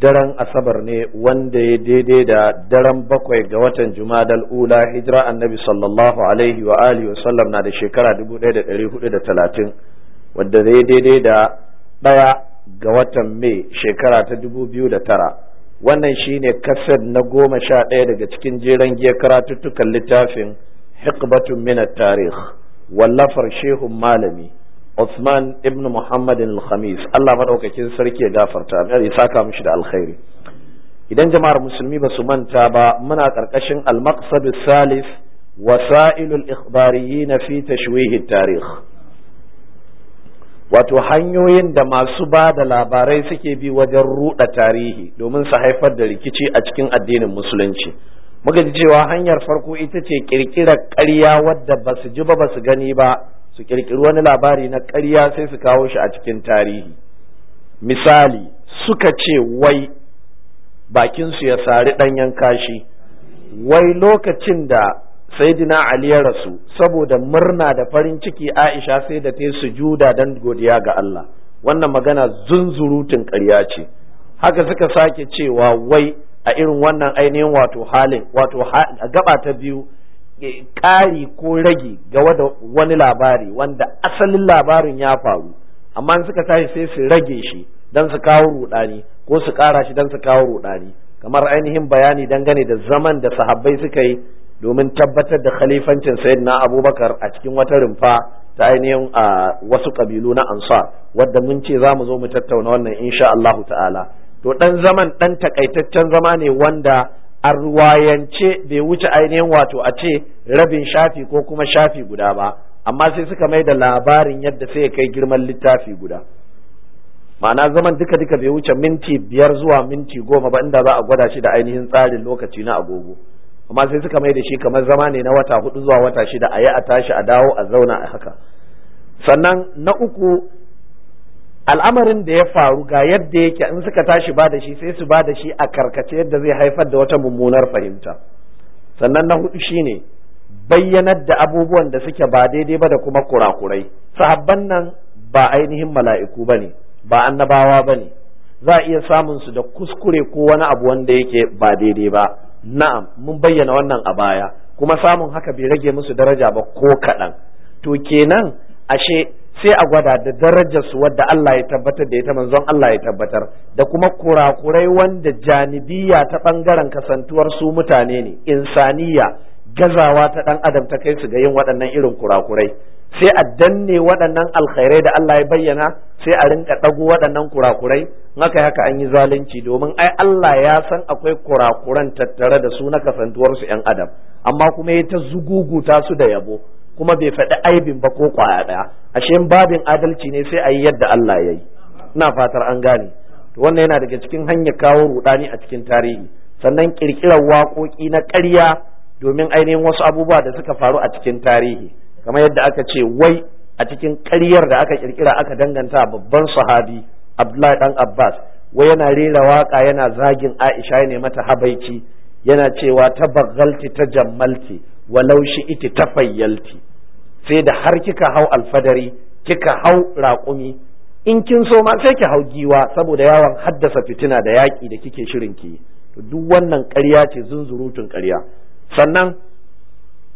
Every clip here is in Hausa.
daren asabar ne wanda ya daidai da daren bakwai ga watan jumadal ula hijira annabi sallallahu alaihi wa alihi na da shekara 1430 wadda zai daidai da ɗaya ga watan mai shekara ta 2009 wannan shine kasar na goma sha ɗaya daga cikin jeren giya karatuttukan littafin hikbatun minat tarih wallafar shehun malami Uthman ibn Muhammad al-Khamis Allah madaukakin sarki ya gafarta mai saka mishi da alkhairi idan jama'ar musulmi ba su manta ba muna karkashin al-maqsad salis وسائل الإخباريين في تشويه tarikh wato hanyoyin da masu ba da labarai suke bi wajen ruɗa tarihi domin su haifar da rikici a cikin addinin musulunci muka ji cewa hanyar farko ita ce ƙirƙirar ƙarya wadda ba su ji ba ba su gani ba su kirkiri wani labari na ƙarya sai su kawo shi a cikin tarihi misali suka ce wai bakin su ya sari ɗanyen kashi wai lokacin da saidina ali ya rasu saboda murna da farin ciki aisha sai da ta yi sujuda don godiya ga Allah wannan magana zunzurutun ƙarya ce haka suka sake cewa wai a irin wannan ainihin wato halin wato gaba ta biyu ƙari ko rage ga wani labari wanda asalin labarin ya faru amma suka tashi sai su rage shi don su kawo rudani ko su ƙara shi don su kawo rudani kamar ainihin bayani dangane da zaman da sahabbai suka yi domin tabbatar da khalifancin na abubakar a cikin wata rumfa ta ainihin a wasu ƙabilu na ansar wadda mun ce za mu zo mu tattauna wannan insha Allahu ta'ala to dan zaman dan takaitaccen zama ne wanda a ruwayance bai wuce ainihin wato a ce rabin shafi ko kuma shafi guda ba amma sai suka mai da labarin yadda sai ya kai girman littafi guda ma'ana zaman duka duka bai wuce minti biyar zuwa minti goma ba inda za a gwada shi da ainihin tsarin lokaci na agogo amma sai suka mai da shi kamar zama ne na wata hudu zuwa wata shida a yi a tashi a dawo a zauna a haka sannan na uku al'amarin da ya faru ga yadda yake in suka tashi ba da shi sai su ba da shi a karkace yadda zai haifar da wata mummunar fahimta sannan na hudu shine bayyanar da abubuwan da suke ba daidai ba da kuma kurakurai sahabban nan ba ainihin mala'iku ba ne ba annabawa ba ne za a iya samun su da kuskure ko wani abu wanda yake ba daidai ba na'am mun bayyana wannan a baya kuma samun haka bai rage musu daraja ba ko kaɗan to kenan ashe sai a gwada da darajarsu wadda Allah ya tabbatar da ita manzon Allah ya tabbatar da kuma kurakurai wanda janibiya ta bangaren kasantuwar su mutane ne insaniya gazawa ta dan adam ta kai su ga yin waɗannan irin kurakurai sai a danne waɗannan alkhairai da Allah ya bayyana sai a rinka ɗago waɗannan kurakurai haka haka an yi zalunci domin ai Allah ya san akwai kurakuran tattare da su na kasantuwar su yan adam amma kuma ya ta zuguguta su da yabo kuma bai faɗi aibin ba ko kwaya ɗaya ashe babin adalci ne sai a yi yadda Allah ya yi ina fatar an gane To wannan yana daga cikin hanyar kawo rudani a cikin tarihi sannan kirkirar waƙoƙi na ƙarya domin ainihin wasu abubuwa da suka faru a cikin tarihi kamar yadda aka ce wai a cikin ƙaryar da aka kirkira aka danganta babban sahabi Abdullahi dan Abbas wai yana rera waƙa yana zagin Aisha ne mata habaici yana cewa ta baggalti ta jammalti walau shi iti ta fayyalti sai da har kika hau alfadari kika hau raƙumi in kin so ma sai ki hau giwa saboda yawan haddasa fitina da yaƙi da kike shirin ki duk wannan ƙarya ce zunzurutun ƙarya sannan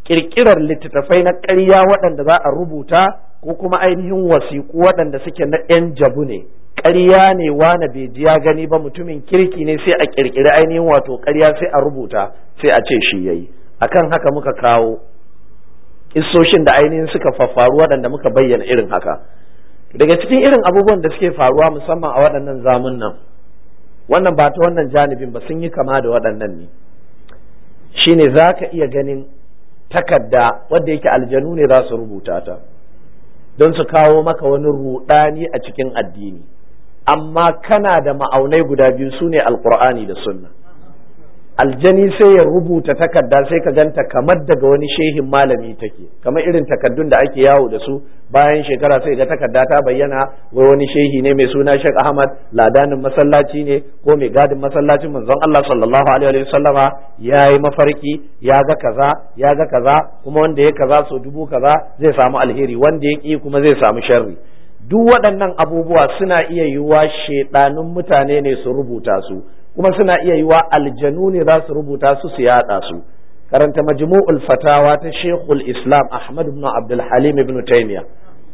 ƙirƙirar littattafai na ƙarya waɗanda za a rubuta ko kuma ainihin wasiƙu waɗanda suke na 'yan jabu ne ƙarya ne wane bai ji ya gani ba mutumin kirki ne sai a ƙirƙiri ainihin wato ƙarya sai a rubuta sai a ce shi yayi akan haka muka kawo kissoshin da ainihin suka faru waɗanda muka bayyana irin haka daga cikin irin abubuwan da suke faruwa musamman a waɗannan zamun nan wannan ba ta wannan janibin ba sun yi kama da waɗannan ne shine za ka iya ganin takarda wadda yake aljanu ne za su rubuta ta don su kawo maka wani ruɗani a cikin addini amma kana da ma'aunai guda biyu su ne alkur'ani da sunna aljani sai ya rubuta takarda sai ka ganta kamar daga wani shehin malami take kamar irin takardun da ake yawo da su bayan shekara sai ga takarda ta bayyana wai wani shehi ne mai suna Sheikh Ahmad ladanin masallaci ne ko mai gadin masallacin manzon Allah sallallahu alaihi wa sallama yayi mafarki ya ga kaza ya ga kaza kuma wanda ya kaza so dubu kaza zai samu alheri wanda ya ki kuma zai samu sharri duk waɗannan abubuwa suna iya yiwuwa shedanun mutane ne su rubuta su kuma suna iya yiwa aljanu ne za su rubuta su su yada su karanta majmu'ul fatawa ta shekul islam ahmad ibn abdul halim ibn taymiya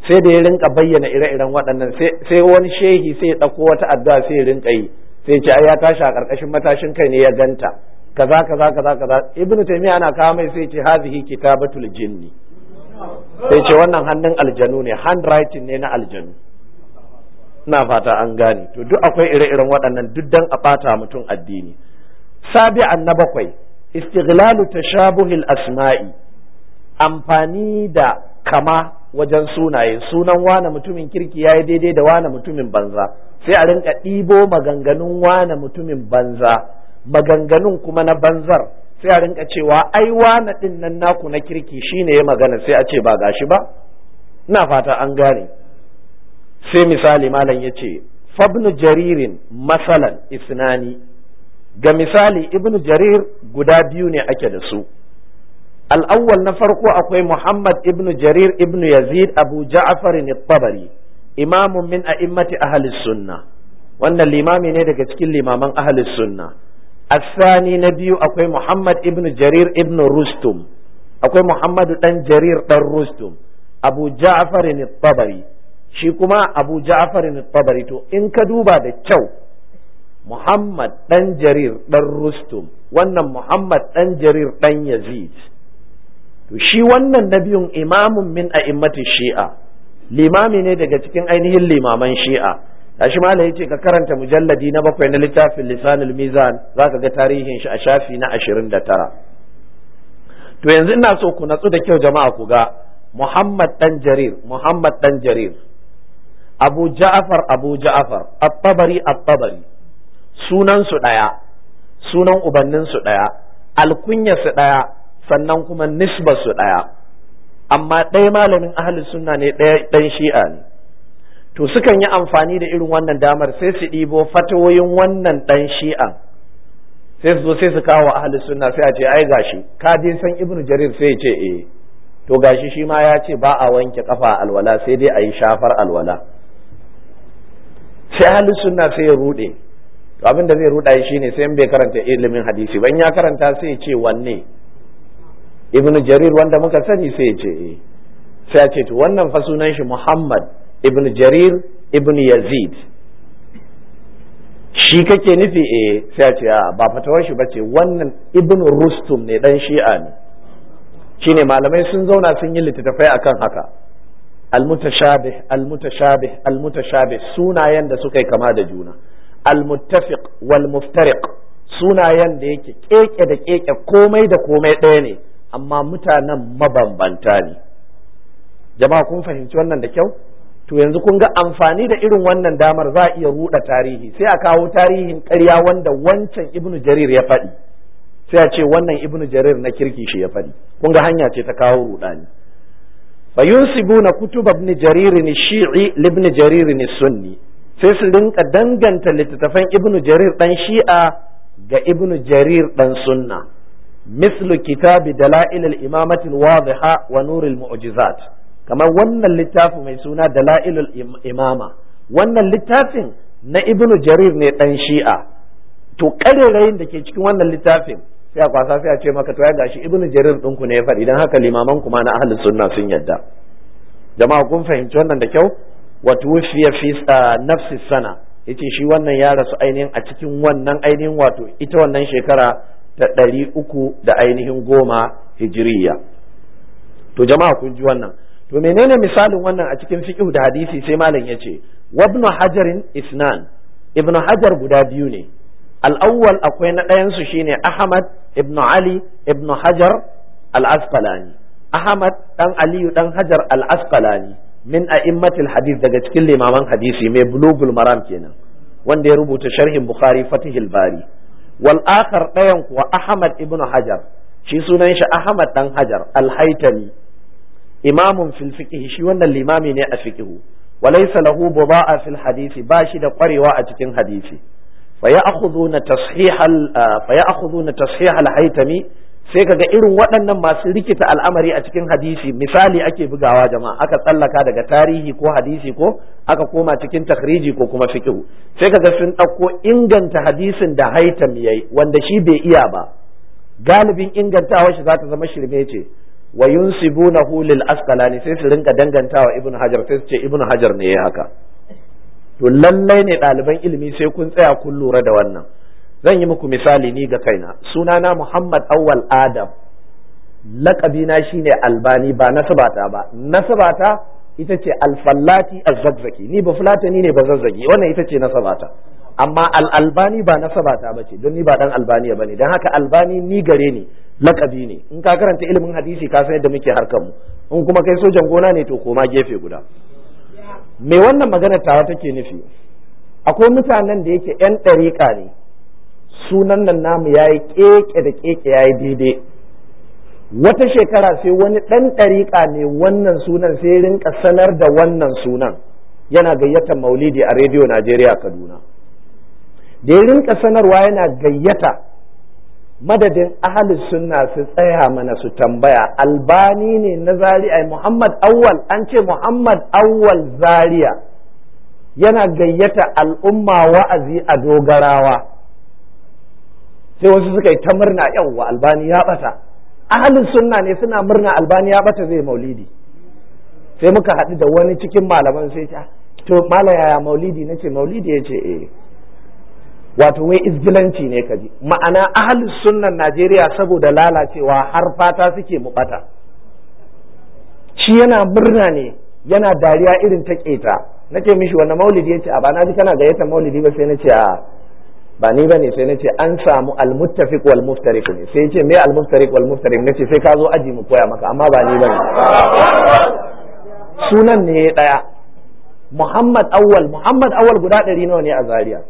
sai da ya rinka bayyana ire-iren waɗannan sai wani shehi sai ya ɗauko wata addu'a sai ya rinka yi sai ce ai ya tashi a ƙarƙashin matashin kai ne ya ganta kaza kaza kaza kaza ibnu taymiya ana kawo mai sai ce hazihi kitabatul jinni sai ce wannan hannun aljanu ne handwriting ne na aljanu ina fata an gane to duk akwai ire-iren waɗannan duk dan a ɓata mutum addini sabi'an na bakwai istighlalu tashabuhil asma'i amfani da kama wajen sunaye sunan wane mutumin kirki yayi daidai da wane mutumin banza sai a rinka ɗibo maganganun wane mutumin banza maganganun kuma na banzar sai a rinka cewa ai wane ɗin nan naku na kirki shine ya magana sai a ce ba gashi ba ina fata an gane sai misali malam ya ce fabnu jaririn masalan isnani ga misali Ibnu jarir guda biyu ne ake da su al'awwal na farko akwai muhammad Ibnu jarir Ibnu yazid abu ja'afar tabari imamun min a'immati Ahalis sunna wannan limami ne daga cikin limaman ahli sunna asani na biyu akwai muhammad Ibnu jarir Ibnu rustum akwai muhammadu dan jarir dan rustum abu ja'afar tabari shi kuma abu ja'far tabari to in ka duba da kyau muhammad dan jarir dan rustum wannan muhammad dan jarir dan yazid to shi wannan nabiyun imamun min immatu shi'a limami ne daga cikin ainihin limaman shi'a Da shi ma ce ka karanta mujalladi na bakwai na littafin lisanul mizan zaka ga tarihin shi a shafi na ashirin da tara. to yanzu ina so ku natsu da kyau jama'a ku ga muhammad dan jarir muhammad dan jarir abu ja'far abu ja'far at-tabari at-tabari sunan su daya sunan ubannin su daya alkunya su daya sannan kuma nisba su daya amma ɗaya malamin ahli sunna ne ɗaya ɗan shi'a ne to sukan yi amfani da irin wannan damar sai su ɗibo fatawoyin wannan ɗan shi'a sai su zo sai su kawo ahli sunna sai a ce ai gashi ka je san ibnu jarir sai ya ce eh to gashi shi ma ya ce ba a wanke kafa alwala sai dai a yi shafar alwala sai ahli sunna sai ya rude abin da zai ruda shi ne sai in bai karanta ilimin hadisi ban ya karanta sai ya ce wanne ibn jarir wanda muka sani sai ya ce eh. sai ya ce to wannan fa sunan shi muhammad ibn jarir ibn yazid shi kake nufi eh sai ya ce a ah, ba fatawar shi bace wannan ibn rustum ne dan shi'a ne shine malamai sun zauna sun yi littattafai akan haka almutashabih almutashabih almutashabih sunayen da suka yi kama da juna almuttafiq wal muftariq sunayen da yake keke da keke komai da komai ɗaya ne amma mutanen mabambanta ne Jama kun fahimci wannan da kyau to yanzu kun ga amfani da irin wannan damar za'a iya ruɗa tarihi sai a kawo tarihin karya wanda wancan ibnu jarir ya faɗi sai a ce wannan ibnu jarir na kirki shi ya faɗi kun ga hanya ce ta kawo ruɗani fa yunsibuna kutub ibn jarir shi'i ibn jarir sunni sai su rinka danganta littattafan ibn jarir dan shi'a ga ibn jarir dan sunna mislu kitabi dalail al-imamati al wa nur al-mu'jizat kamar wannan littafi mai suna dalail al-imama wannan littafin na ibn jarir ne dan shi'a to karerayin da ke cikin wannan littafin sai a kwasa sai a ce maka to ya gashi ibnu jarir ku ne ya faɗi dan haka limaman kuma na ahlus sunna sun yadda jama'a kun fahimci wannan da kyau wa tuwfiya fi nafsi sana yace shi wannan ya rasu ainihin a cikin wannan ainihin wato ita wannan shekara ta ɗari uku da ainihin goma hijiriya to jama'a kun ji wannan to menene misalin wannan a cikin fiqh da hadisi sai malam yace wa ibn hajarin isnan ibn hajar guda biyu ne al-awwal akwai na ɗayan su shine ahmad ibnu ali ibnu hajar al-asqalani ahmad ɗan aliyu ɗan hajar al-asqalani min a'immatil hadith daga cikin limaman hadisi mai bulugul maram kenan wanda ya rubuta sharhin bukhari fatihil bari wal akhar dayan kuwa ahmad ibnu hajar shi sunan shi ahmad ɗan hajar al-haytami imamun fil shi wannan limami ne a fiqh walaysa lahu buda'a fil hadisi ba shi da ƙwarewa a cikin hadisi فيأخذون تصحيح na تصحيح الهيتمي sai kaga irin waɗannan masu rikita al'amari a cikin hadisi misali ake bugawa jama'a aka tsallaka daga tarihi ko hadisi ko aka koma cikin takriji ko kuma fikihu sai kaga sun ɗauko inganta hadisin da haitam yayi wanda shi bai iya ba galibin ingantawa shi za ta zama shirme ce wa yunsibunahu lil asqalani sai su rinka dangantawa ibnu hajar sai su ce ibnu hajar ne yayi haka to lallai ne ɗaliban ilimi sai kun tsaya kun lura da wannan zan yi muku misali ni ga kaina sunana Muhammad Awwal Adam laƙabina shine albani ba nasabata ba nasabata ita ce alfallati azzazzaki ni ba fulatani ne ba zazzagi wannan ita ce nasabata amma al'albani ba nasabata ba ce don ni ba dan albaniya ba ne don haka albani ni gare ni lakabi ne in ka karanta ilimin hadisi ka san yadda muke harkar mu in kuma kai sojan gona ne to koma gefe guda me wannan magana tawa take nufi akwai mutanen da yake yan ɗariƙa ne sunan nan namu ya yi keke da keke ya yi daidai wata shekara sai wani ɗan ɗariƙa ne wannan sunan sai rinka sanar da wannan sunan yana gayyata maulidi a rediyo najeriya kaduna da ya rinka sanarwa yana gayyata madadin ahalin sunna su tsaya mana su tambaya albani ne na zari'a muhammad awwal an ce muhammad awwal zaria yana gayyata al'umma wa'azi a dogarawa sai wasu suka yi ta murna yawwa albani ya bata ahalin sunna ne suna murna albani ya bata zai maulidi sai muka haɗu da wani cikin malaman sai ta ah, to mala yaya maulidi ce maulidi ya ce eh wato wai izgilanci ne ji ma'ana ahalin sunnan Najeriya saboda lalacewa har fata suke mu bata shi yana murna ne yana dariya irin ta keta nake mishi wannan maulidi yace a ba na ji kana gayyata maulidi ba sai na ce a ba ni bane sai na ce an samu almuttafiq wal muftariq ne sai yace me almuttafiq wal muftariq nace sai ka zo aji mu koya maka amma ba ni bane sunan ne daya Muhammad Awwal Muhammad Awwal guda ɗari nawa ne a Zaria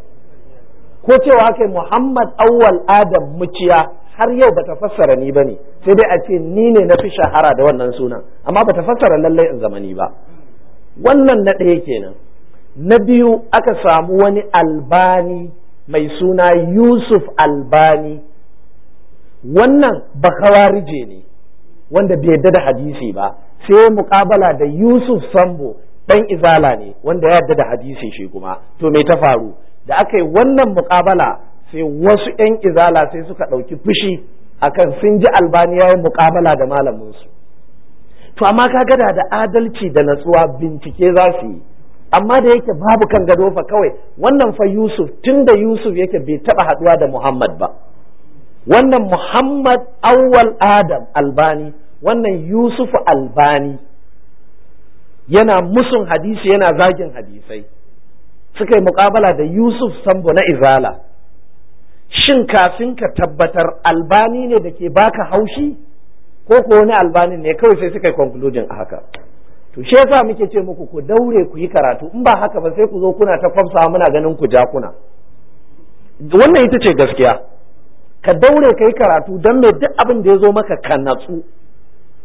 ko cewa kai Muhammad awwal Adam muciya har yau bata fassara ni bane sai dai a ce ni ne na fi shahara da wannan sunan amma bata fassara lallai in zamani ba wannan na ɗaya kenan na biyu aka samu wani albani mai suna Yusuf albani wannan bakawarije ne wanda bai yadda da hadisi ba sai mukabala da Yusuf Sambo dan izala ne wanda ya yadda da hadisi shi kuma to me ta faru da aka yi wannan muƙabala sai wasu 'yan izala sai suka ɗauki fushi akan sun ji albani ya yi muƙabala da malaminsu to amma ka gada da adalci da natsuwa bincike za su yi amma da yake babu kan gado fa kawai wannan fa yusuf tun da yusuf yake bai taɓa haɗuwa da muhammad ba wannan muhammad awwal adam albani wannan yusuf albani yana musun hadisi yana zagin hadisai suka yi muƙabala da Yusuf Sambo na Izala shin kafin ka tabbatar albani ne da ke baka haushi ko ko wani albani ne kawai sai suka yi konkludin a haka to shi yasa muke ce muku ku daure ku yi karatu in ba haka ba sai ku zo kuna ta kwamsa muna ganin ku ja kuna wannan ita ce gaskiya ka daure ka yi karatu don mai duk abin da ya zo maka ka natsu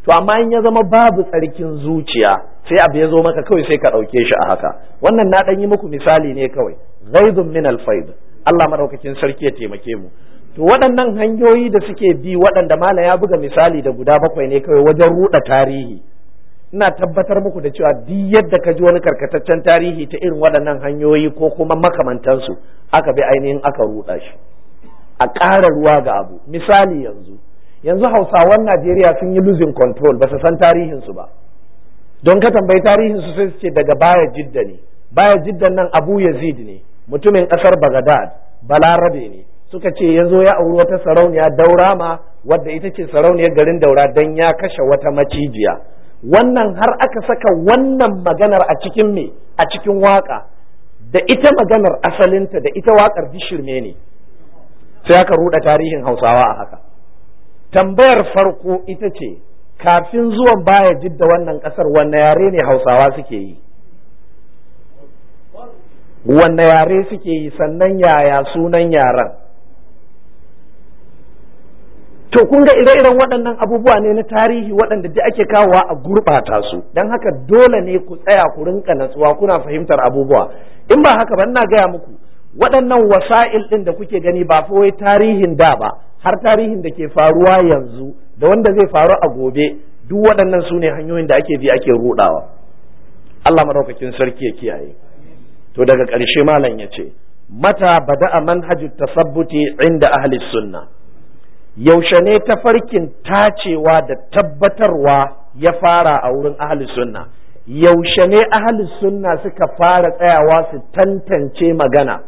to amma in ya zama babu tsarkin zuciya sai abu ya zo maka kawai sai ka ɗauke shi a haka wannan na ɗan yi muku misali ne kawai ghaizun min alfaid Allah madaukakin sarki ya taimake mu to waɗannan hanyoyi da suke bi waɗanda mala ya buga misali da guda bakwai ne kawai wajen ruɗa tarihi ina tabbatar muku da cewa duk yadda ka ji wani karkataccen tarihi ta irin waɗannan hanyoyi ko kuma makamantansu aka bi ainihin aka ruɗa shi a ƙara ruwa ga abu misali yanzu yanzu hausawan najeriya sun yi losing control ba su san tarihinsu ba don ka tambayi tarihinsu sai su ce daga baya jidda ne baya jiddan nan abu yazid ne mutumin ƙasar bagadad balarabe ne suka ce yanzu ya auri wata sarauniya daurama wadda ita ce sarauniyar garin daura don ya kashe wata macijiya wannan har aka saka wannan maganar a cikin me a cikin waka da ita maganar asalinta da ita wakar dishirme ne sai aka ruɗa tarihin hausawa a haka tambayar farko ita ce kafin zuwan baya jidda wannan kasar wanne yare ne hausawa suke yi wanne yare suke yi sannan yaya sunan yaren to kun ga ire-iren waɗannan abubuwa ne na tarihi waɗanda duk ake kawowa a gurɓata su don haka dole ne ku tsaya ku rinka natsuwa kuna fahimtar abubuwa in ba haka ba ina gaya muku waɗannan wasa'il ɗin da kuke gani ba fa tarihin da ba har tarihin da ke faruwa yanzu da wanda zai faru a gobe duk waɗannan su ne hanyoyin da ake bi ake rudawa Allah maɗaukakin sarki ya kiyaye to daga ƙarshe malam ya ce mata bada'a manhajin tasabbuti inda ahli sunna yaushe ne tafarkin tacewa da tabbatarwa ya fara a wurin ahli sunna yaushe ne ahli sunna suka fara tsayawa su tantance magana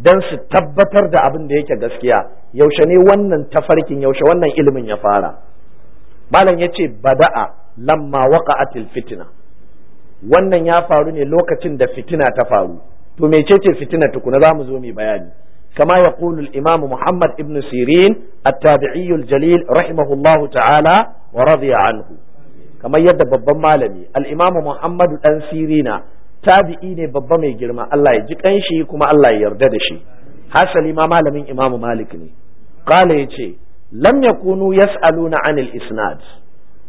don su tabbatar da abin da yake gaskiya yaushe ne wannan tafarkin yaushe wannan ilimin ya fara malam ya ce bada'a lamma waqa'atil fitina wannan ya faru ne lokacin da fitina ta faru to mecece fitina tukuna za mu zo mu bayani kama ya al-imam Muhammad ibn Sirin at-tabi'i jalil rahimahullahu ta'ala wa radiya anhu kamar yadda babban malami al-imam dan Sirina tabi'i ne babba mai girma Allah ya ji kanshi kuma Allah ya yarda da shi hasali ma malamin imamu malik ne qala yace lam yakunu yas'aluna anil isnad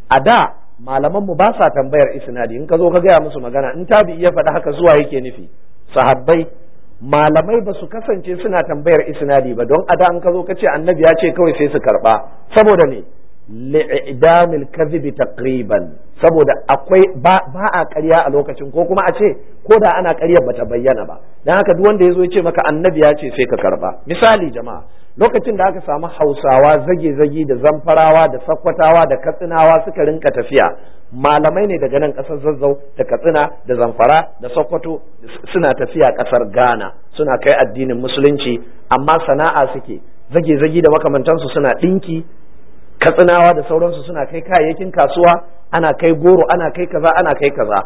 a da malaman mu ba sa tambayar isnadi in ka zo ka gaya musu magana in tabi'i ya faɗi haka zuwa yake nufi sahabbai malamai ba su kasance suna tambayar isnadi ba don a da in ka zo ka ce annabi ya ce kawai sai su karba saboda me li'idamil kadhibi taqriban saboda akwai ba a ƙarya a lokacin ko kuma a ce ko da ana ƙaryar bata bayyana ba dan haka duk wanda yazo ya ce maka annabi ya ce sai ka karba misali jama'a lokacin da aka samu hausawa zage-zage da zamfarawa da Sakwatawa da katsinawa suka rinka tafiya malamai ne daga nan ƙasar zazzau da katsina da zamfara da Sakwato suna tafiya ƙasar ghana suna kai addinin musulunci amma sana'a suke zage-zage da makamantansu suna ɗinki katsinawa da sauransu suna kai kayayyakin kasuwa ana kai goro ana kai kaza ana kai kaza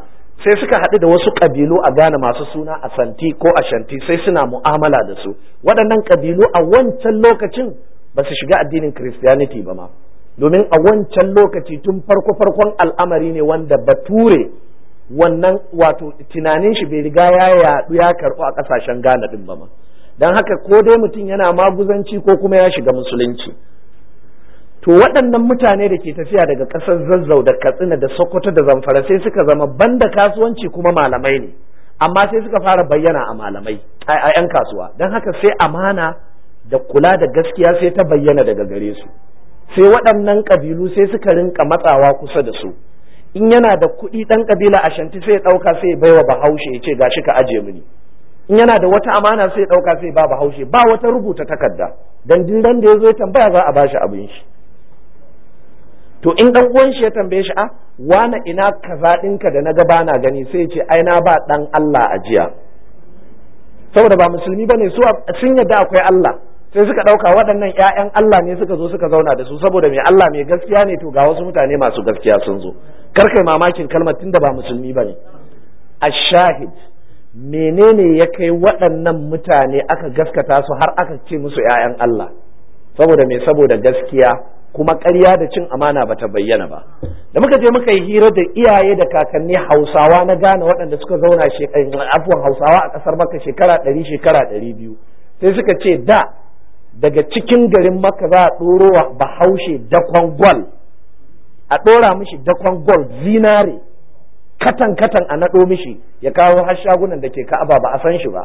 sai suka haɗu da wasu ƙabilu a gane masu suna a santi ko a shanti sai suna mu'amala da su waɗannan ƙabilu a wancan lokacin ba su shiga addinin Christianity ba ma domin a wancan lokaci tun farko farkon al'amari ne wanda bature wannan wato tunanin shi bai riga ya yaɗu ya karɓu a ƙasashen Ghana ɗin ba ma don haka ko dai mutum yana maguzanci ko kuma ya shiga musulunci to waɗannan mutane da ke tafiya daga ƙasar zazzau da katsina da sokoto da zamfara sai suka zama banda kasuwanci kuma malamai ne amma sai suka fara bayyana a malamai a 'yan kasuwa don haka sai amana da kula da gaskiya sai ta bayyana daga gare su sai waɗannan ƙabilu sai suka rinka matsawa kusa da su in yana da kuɗi ɗan ƙabila shanti sai ɗauka sai baiwa bahaushe ya ce gashi ka aje mini in yana da wata amana sai ɗauka sai ba bahaushe ba wata rubuta takarda dan duk da ya zo ya tambaya za a bashi abin shi to in dan uwan shi ya tambaye shi a ah, wani ina kaza ɗinka da na ga bana gani sai ya ce ai na ba dan Allah ajiya saboda ba musulmi bane su sun yadda akwai Allah sai suka ɗauka waɗannan ƴaƴan Allah ne suka zo suka zauna da su saboda mai Allah mai gaskiya ne to ga wasu mutane masu gaskiya sun zo kar kai mamakin kalmar tunda ba musulmi bane ashahid menene ya kai waɗannan mutane aka gaskata su har aka ce musu ƴaƴan Allah saboda mai saboda gaskiya kuma ƙarya da cin amana ba ta bayyana ba da muka je muka yi hira da iyaye da kakanni hausawa na gane waɗanda suka zauna eh, afuwan hausawa a ƙasar maka shekara ɗari shekara ɗari biyu sai suka ce da daga cikin garin maka za a ɗoro bahaushe dakon gwal a ɗora mishi dakon gwal zinare katan katan a naɗo mishi ya kawo har shagunan da ke ka'aba ba a san shi ba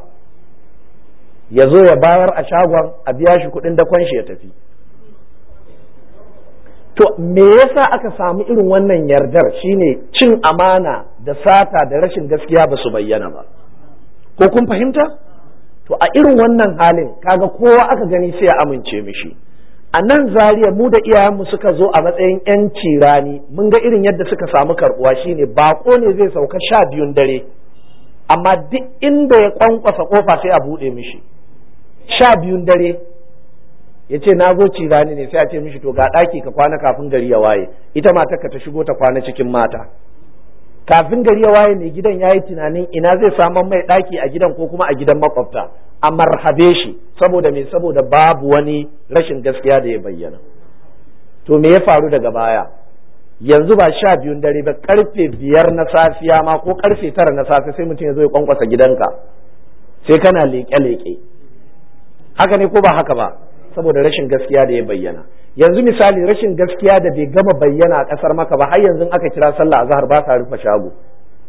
ya zo ya bayar a shagon a biya shi kuɗin dakon shi ya tafi to me yasa aka samu irin wannan yardar shine cin amana da sata da rashin gaskiya ba su bayyana ba ko kun fahimta to a irin wannan halin kaga kowa aka gani sai ya amince mishi a nan zariya mu da iyayenmu suka zo a matsayin yan cirani mun ga irin yadda suka samu karbuwa shine bako ne zai sauka sha biyun dare amma duk inda ya kwankwasa kofa sai a buɗe mishi sha biyun dare ya ce na zo ci zani ne sai a ce mishi to ga ɗaki ka kwana kafin gari ya waye ita mata ka ta shigo ta kwana cikin mata kafin gari ya waye mai gidan ya yi tunanin ina zai saman mai ɗaki a gidan ko kuma a gidan makwabta a marhabe shi saboda me saboda babu wani rashin gaskiya da ya bayyana to me ya faru daga baya yanzu ba sha biyun dare ba karfe biyar na safiya ma ko karfe tara na safiya sai mutum ya zo ya kwankwasa gidanka sai kana leƙe-leƙe haka ne ko ba haka ba saboda rashin gaskiya da ya bayyana yanzu misali rashin gaskiya da bai gama bayyana a kasar maka ba har yanzu aka kira sallah azhar ba sa rufe shago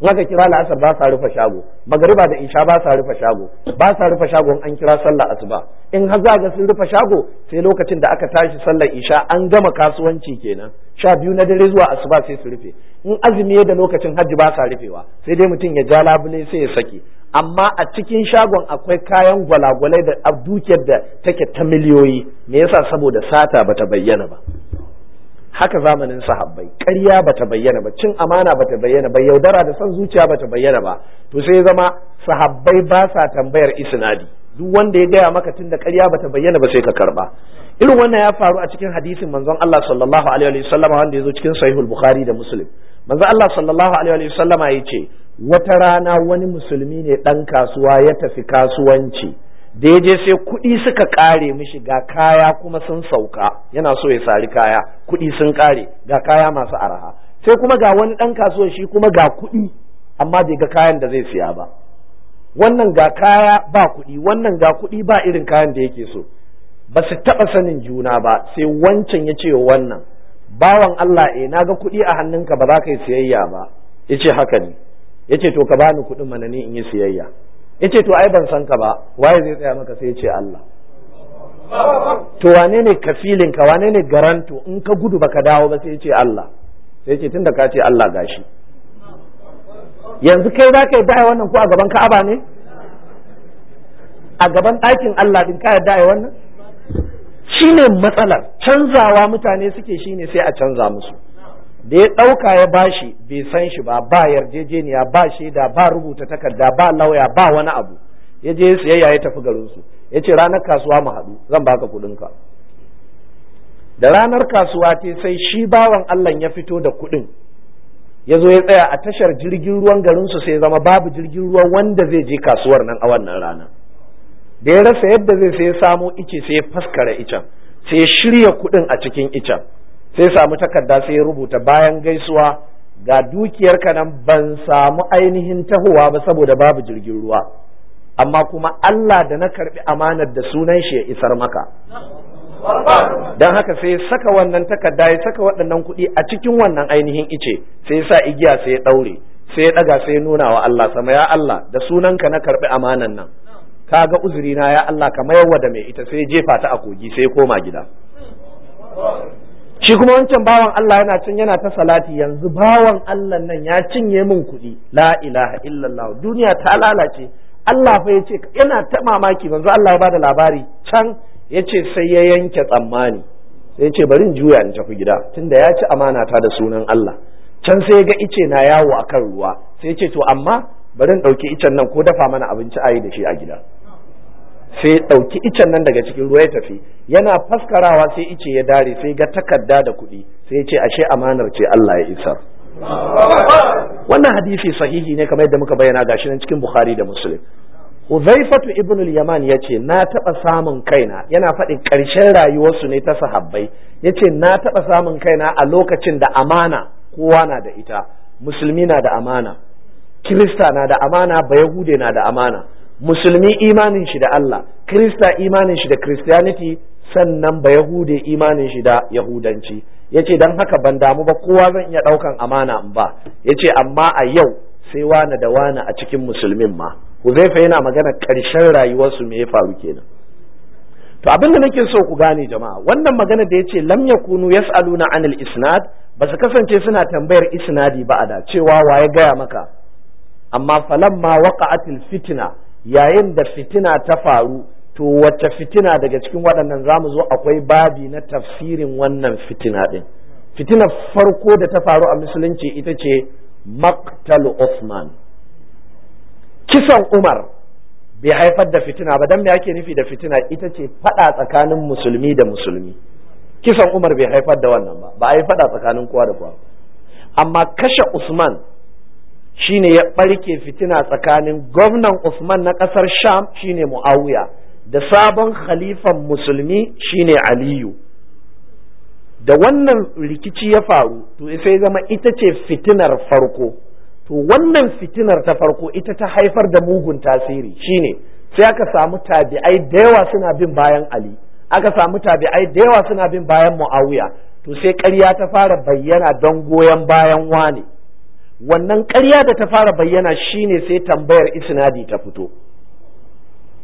aka kira la'asar ba sa rufe shago magariba da isha ba sa rufe shago ba sa rufe shago an kira sallah asuba in har za ga sun rufe shago sai lokacin da aka tashi sallar isha an gama kasuwanci kenan sha biyu na dare zuwa asuba sai su rufe in azumi da lokacin hajji ba sa rufewa sai dai mutum ya ja labule sai ya sake. amma a cikin shagon akwai kayan gwalagwalai da dukiyar da take ta miliyoyi me yasa saboda sata bata bayyana ba haka zamanin sahabbai ƙarya bata bayyana ba cin amana bata bayyana ba yaudara da son zuciya bata bayyana ba to sai zama sahabbai ba sa tambayar isnadi duk wanda ya gaya maka tunda ƙarya bata bayyana ba sai ka karba irin wannan ya faru a cikin hadisin manzon Allah sallallahu alaihi wa sallama wanda ya zo cikin sahihul bukhari da muslim manzon Allah sallallahu alaihi wa sallama ya ce wata rana wani musulmi ne ɗan kasuwa ya tafi kasuwanci da ya je sai kuɗi suka ƙare mishi ga kaya kuma sun sauka yana so ya sari kaya kuɗi sun ƙare ga kaya masu araha sai kuma ga wani ɗan kasuwa shi kuma ga kuɗi amma bai ga kayan da zai siya ba wannan ga kaya ba kuɗi wannan ga kuɗi ba irin kayan da yake so ba su taɓa sanin juna ba sai wancan ya ce wannan bawan Allah eh na ga kuɗi a hannunka ba za ka yi siyayya ba ya ce haka ne Ya ce to ka bani kuɗin mana ni in yi siyayya Ya ce to ai ban san ka ba waye zai tsaya maka sai ce Allah to wane ne kafilin ka wane ne garanto in ka gudu baka dawo ba sai ce Allah sai ce tunda ka ce Allah gashi yanzu kai za ka yi wannan ko a gaban Ka'aba ne a gaban ɗakin Allah din ka yarda wannan shine matsalar canzawa mutane suke shine sai a canza musu da ya ɗauka ya bashi bai san shi ba ba yarjejeniya ba shaida ba rubuta takarda ba lauya ba wani abu ya je siyayya ya tafi garin su ya ce ranar kasuwa mu haɗu zan baka kuɗin ka da ranar kasuwa ce sai shi bawan Allah ya fito da kuɗin ya zo ya tsaya a tashar jirgin ruwan garin su sai zama babu jirgin ruwan wanda zai je kasuwar nan a wannan rana da ya rasa yadda zai sai samo ice sai ya faskara icen sai ya shirya kuɗin a cikin icen sai samu takarda sai ya rubuta bayan gaisuwa ga dukiyarka nan ban samu ainihin tahowa ba saboda babu jirgin ruwa amma kuma Allah da na karbi amanar da sunan shi ya isar maka don haka sai saka wannan takarda ya saka waɗannan kuɗi a cikin wannan ainihin ice sai ya sa igiya sai ya ɗaure sai ya ɗaga sai ya nuna wa Allah sama ya Allah da sunanka na karbi amanan nan ka ga na ya Allah ka mayar wa da mai ita sai ya jefa ta a kogi sai ya koma gida shi kuma wancan bawan Allah yana can yana ta salati yanzu bawan Allah nan ya cinye min kuɗi la ilaha illallah duniya ta lalace Allah fa yace yana ta mamaki manzo Allah ya bada labari can yace sai ya yanke tsammani sai yace bari in juya in tafi gida tunda ya ci amana ta da sunan Allah can sai ya ga ice na yawo akan ruwa sai yace to amma bari in dauki icen nan ko dafa mana abinci ayi da shi a gida sai ɗauki icen nan daga cikin ruwa ya tafi yana faskarawa sai ice ya dare sai ga takarda da kuɗi sai ya ce ashe amanar ce Allah ya isar wannan hadisi sahihi ne kamar yadda muka bayyana gashi nan cikin Bukhari da Muslim Uzaifatu ibn al-Yaman yace na taɓa samun kaina yana faɗin ƙarshen rayuwarsu ne ta sahabbai yace na taba samun kaina a lokacin da amana kowa na da ita musulmi na da amana kirista na da amana bayahude na da amana musulmi imanin shi da Allah krista imanin shi da christianity sannan ba yahude imanin shi da yahudanci yace dan haka ban damu ba kowa zan iya daukan amana in ba yace amma a yau sai wani da wani a cikin musulmin ma Huzaifa yana magana ƙarshen rayuwarsu me ya faru kenan to abinda nake so ku gane jama'a wannan magana da yace lam yakunu yas'aluna anil isnad ba su kasance suna tambayar isnadi ba a da cewa waye gaya maka amma falamma waqa'atil fitna yayin da fitina ta faru to wacce fitina daga cikin waɗannan za mu zo akwai babi na tafsirin wannan fitina ɗin fitina farko da ta faru a musulunci ita ce maktal Usman. kisan Umar bai haifar da fitina ba don me ake nufi da fitina ita ce faɗa tsakanin musulmi da musulmi kisan Umar bai haifar da wannan ba ba a yi faɗa tsakanin kowa da kowa amma kashe Usman shine ya ɓarke fitina tsakanin gwamnan Uthman na ƙasar Sham shine Muawiya da sabon khalifan musulmi shine Aliyu da wannan rikici ya faru to sai zama ita ce fitinar farko to wannan fitinar ta farko ita ta haifar da mugun tasiri shine sai aka samu tabi'ai da yawa suna bin bayan Ali aka samu tabi'ai da yawa suna bin bayan Muawiya to sai ƙarya ta fara bayyana don goyon bayan wane wannan ƙarya da ta fara bayyana shine sai tambayar isnadi ta fito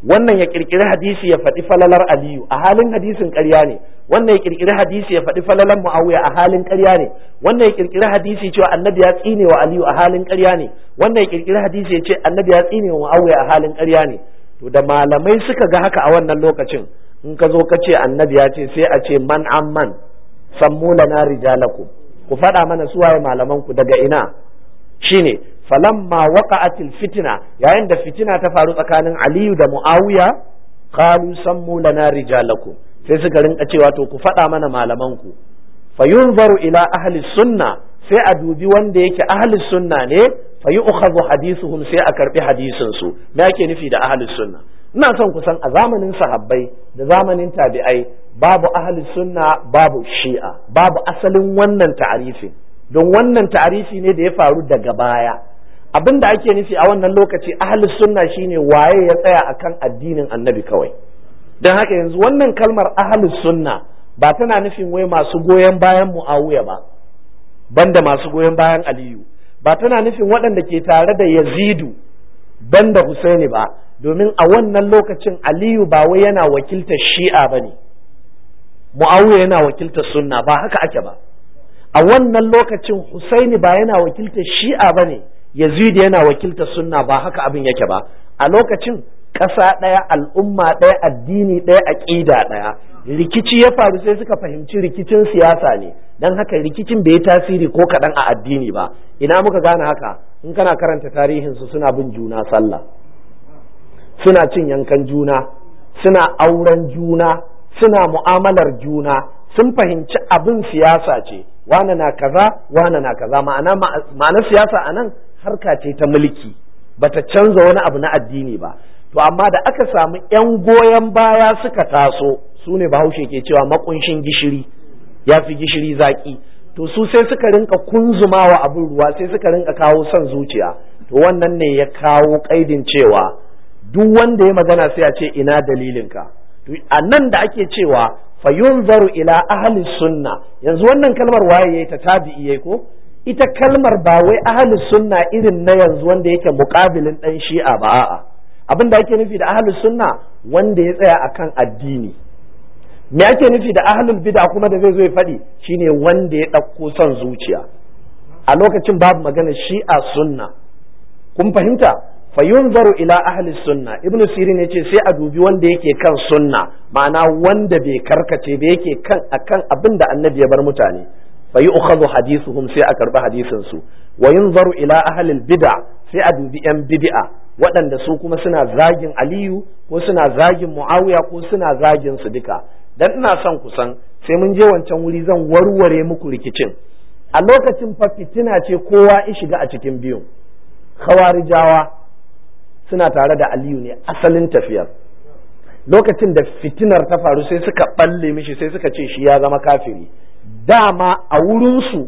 wannan ya ƙirƙiri hadisi ya faɗi falalar aliyu a halin hadisin ƙarya ne wannan ya ƙirƙiri hadisi ya faɗi falalar muawiya a halin ƙarya ne wannan ya ƙirƙiri hadisi cewa annabi ya tsine wa aliyu a halin ƙarya ne wannan ya ƙirƙiri hadisi ya ce annabi ya tsine wa muawiya a halin ƙarya ne to da malamai suka ga haka a wannan lokacin in ka zo ka ce annabi ya ce sai a ce man amman sammu lana rijalakum ku faɗa mana suwaye malaman ku daga ina shine falamma waqa'atil fitina yayin da fitina ta faru tsakanin aliyu da muawiya qalu sammu lana rijalakum sai suka rinka cewa to ku faɗa mana malaman ku fayunzaru ila ahli sunna sai a dubi wanda yake ahli sunna ne fayi ukhadhu hadithuhum sai a karɓi hadisin su me ake nufi da ahli sunna ina son ku san a zamanin sahabbai da zamanin tabi'ai babu ahli sunna babu shi'a babu asalin wannan ta'arifin don wannan tarihi ne da ya faru daga baya abin da ake nufi a wannan lokaci ahlus sunna shine waye ya tsaya akan addinin annabi kawai don haka yanzu wannan kalmar ahlus sunna ba tana nufin wai masu goyon bayan muawiya ba banda masu goyon bayan aliyu ba tana nufin waɗanda ke tare da yazidu banda husaini ba domin a wannan lokacin aliyu ba wai yana wakiltar shi'a ba ne muawiya yana wakiltar sunna ba haka ake ba a wannan lokacin husaini ba yana wakiltar shi'a ba ne yazid yana wakiltar sunna ba haka abin yake ba a lokacin ƙasa ɗaya al'umma ɗaya addini ɗaya aƙida ɗaya rikici ya faru sai suka fahimci rikicin siyasa ne don haka rikicin bai yi tasiri ko kaɗan a addini ba ina muka gane haka in kana karanta tarihinsu suna bin juna sallah suna cin yankan juna suna auren juna suna mu'amalar juna sun fahimci abin siyasa ce wane na kaza wane na kaza ma'ana ma'anar siyasa a nan harka ce ta mulki bata canza wani abu na addini ba to amma da aka samu yan goyon baya suka taso su ne bahaushe ke cewa makunshin gishiri ya fi gishiri zaki to su sai suka rinka kunzumawa abin ruwa sai suka rinka kawo son zuciya to wannan ne ya kawo kaidin cewa duk wanda ya magana sai a ce ina dalilinka a nan da ake cewa fa ila ahli sunna yanzu wannan kalmar waye yayi ta tabi'i yayi ko ita kalmar ba wai ahli sunna irin na yanzu wanda yake mukabilin dan shi'a ba a'a abin da ake nufi da ahli sunna wanda ya tsaya akan addini me ake nufi da ahli bid'a kuma da zai zo ya faɗi shine wanda ya ɗauko son zuciya a lokacin babu magana shi'a sunna kun fahimta fa ila ahli sunna ibnu sirin ce sai a dubi wanda yake kan sunna ma'ana wanda bai karkace ba yake kan akan abin da annabi ya bar mutane fa yu'khadhu hadithuhum sai a karba hadisin su wa ila ahli bid'a sai a dubi yan bid'a waɗanda su kuma suna zagin aliyu ko suna zagin muawiya ko suna zagin su duka dan ina son kusan sai mun je wancan wuri zan warware muku rikicin a lokacin fa fitina ce kowa ya shiga a cikin biyun khawarijawa suna tare da aliyu ne asalin tafiyar lokacin da fitinar ta faru sai suka balle mishi sai suka ce shi ya zama kafiri dama a wurinsu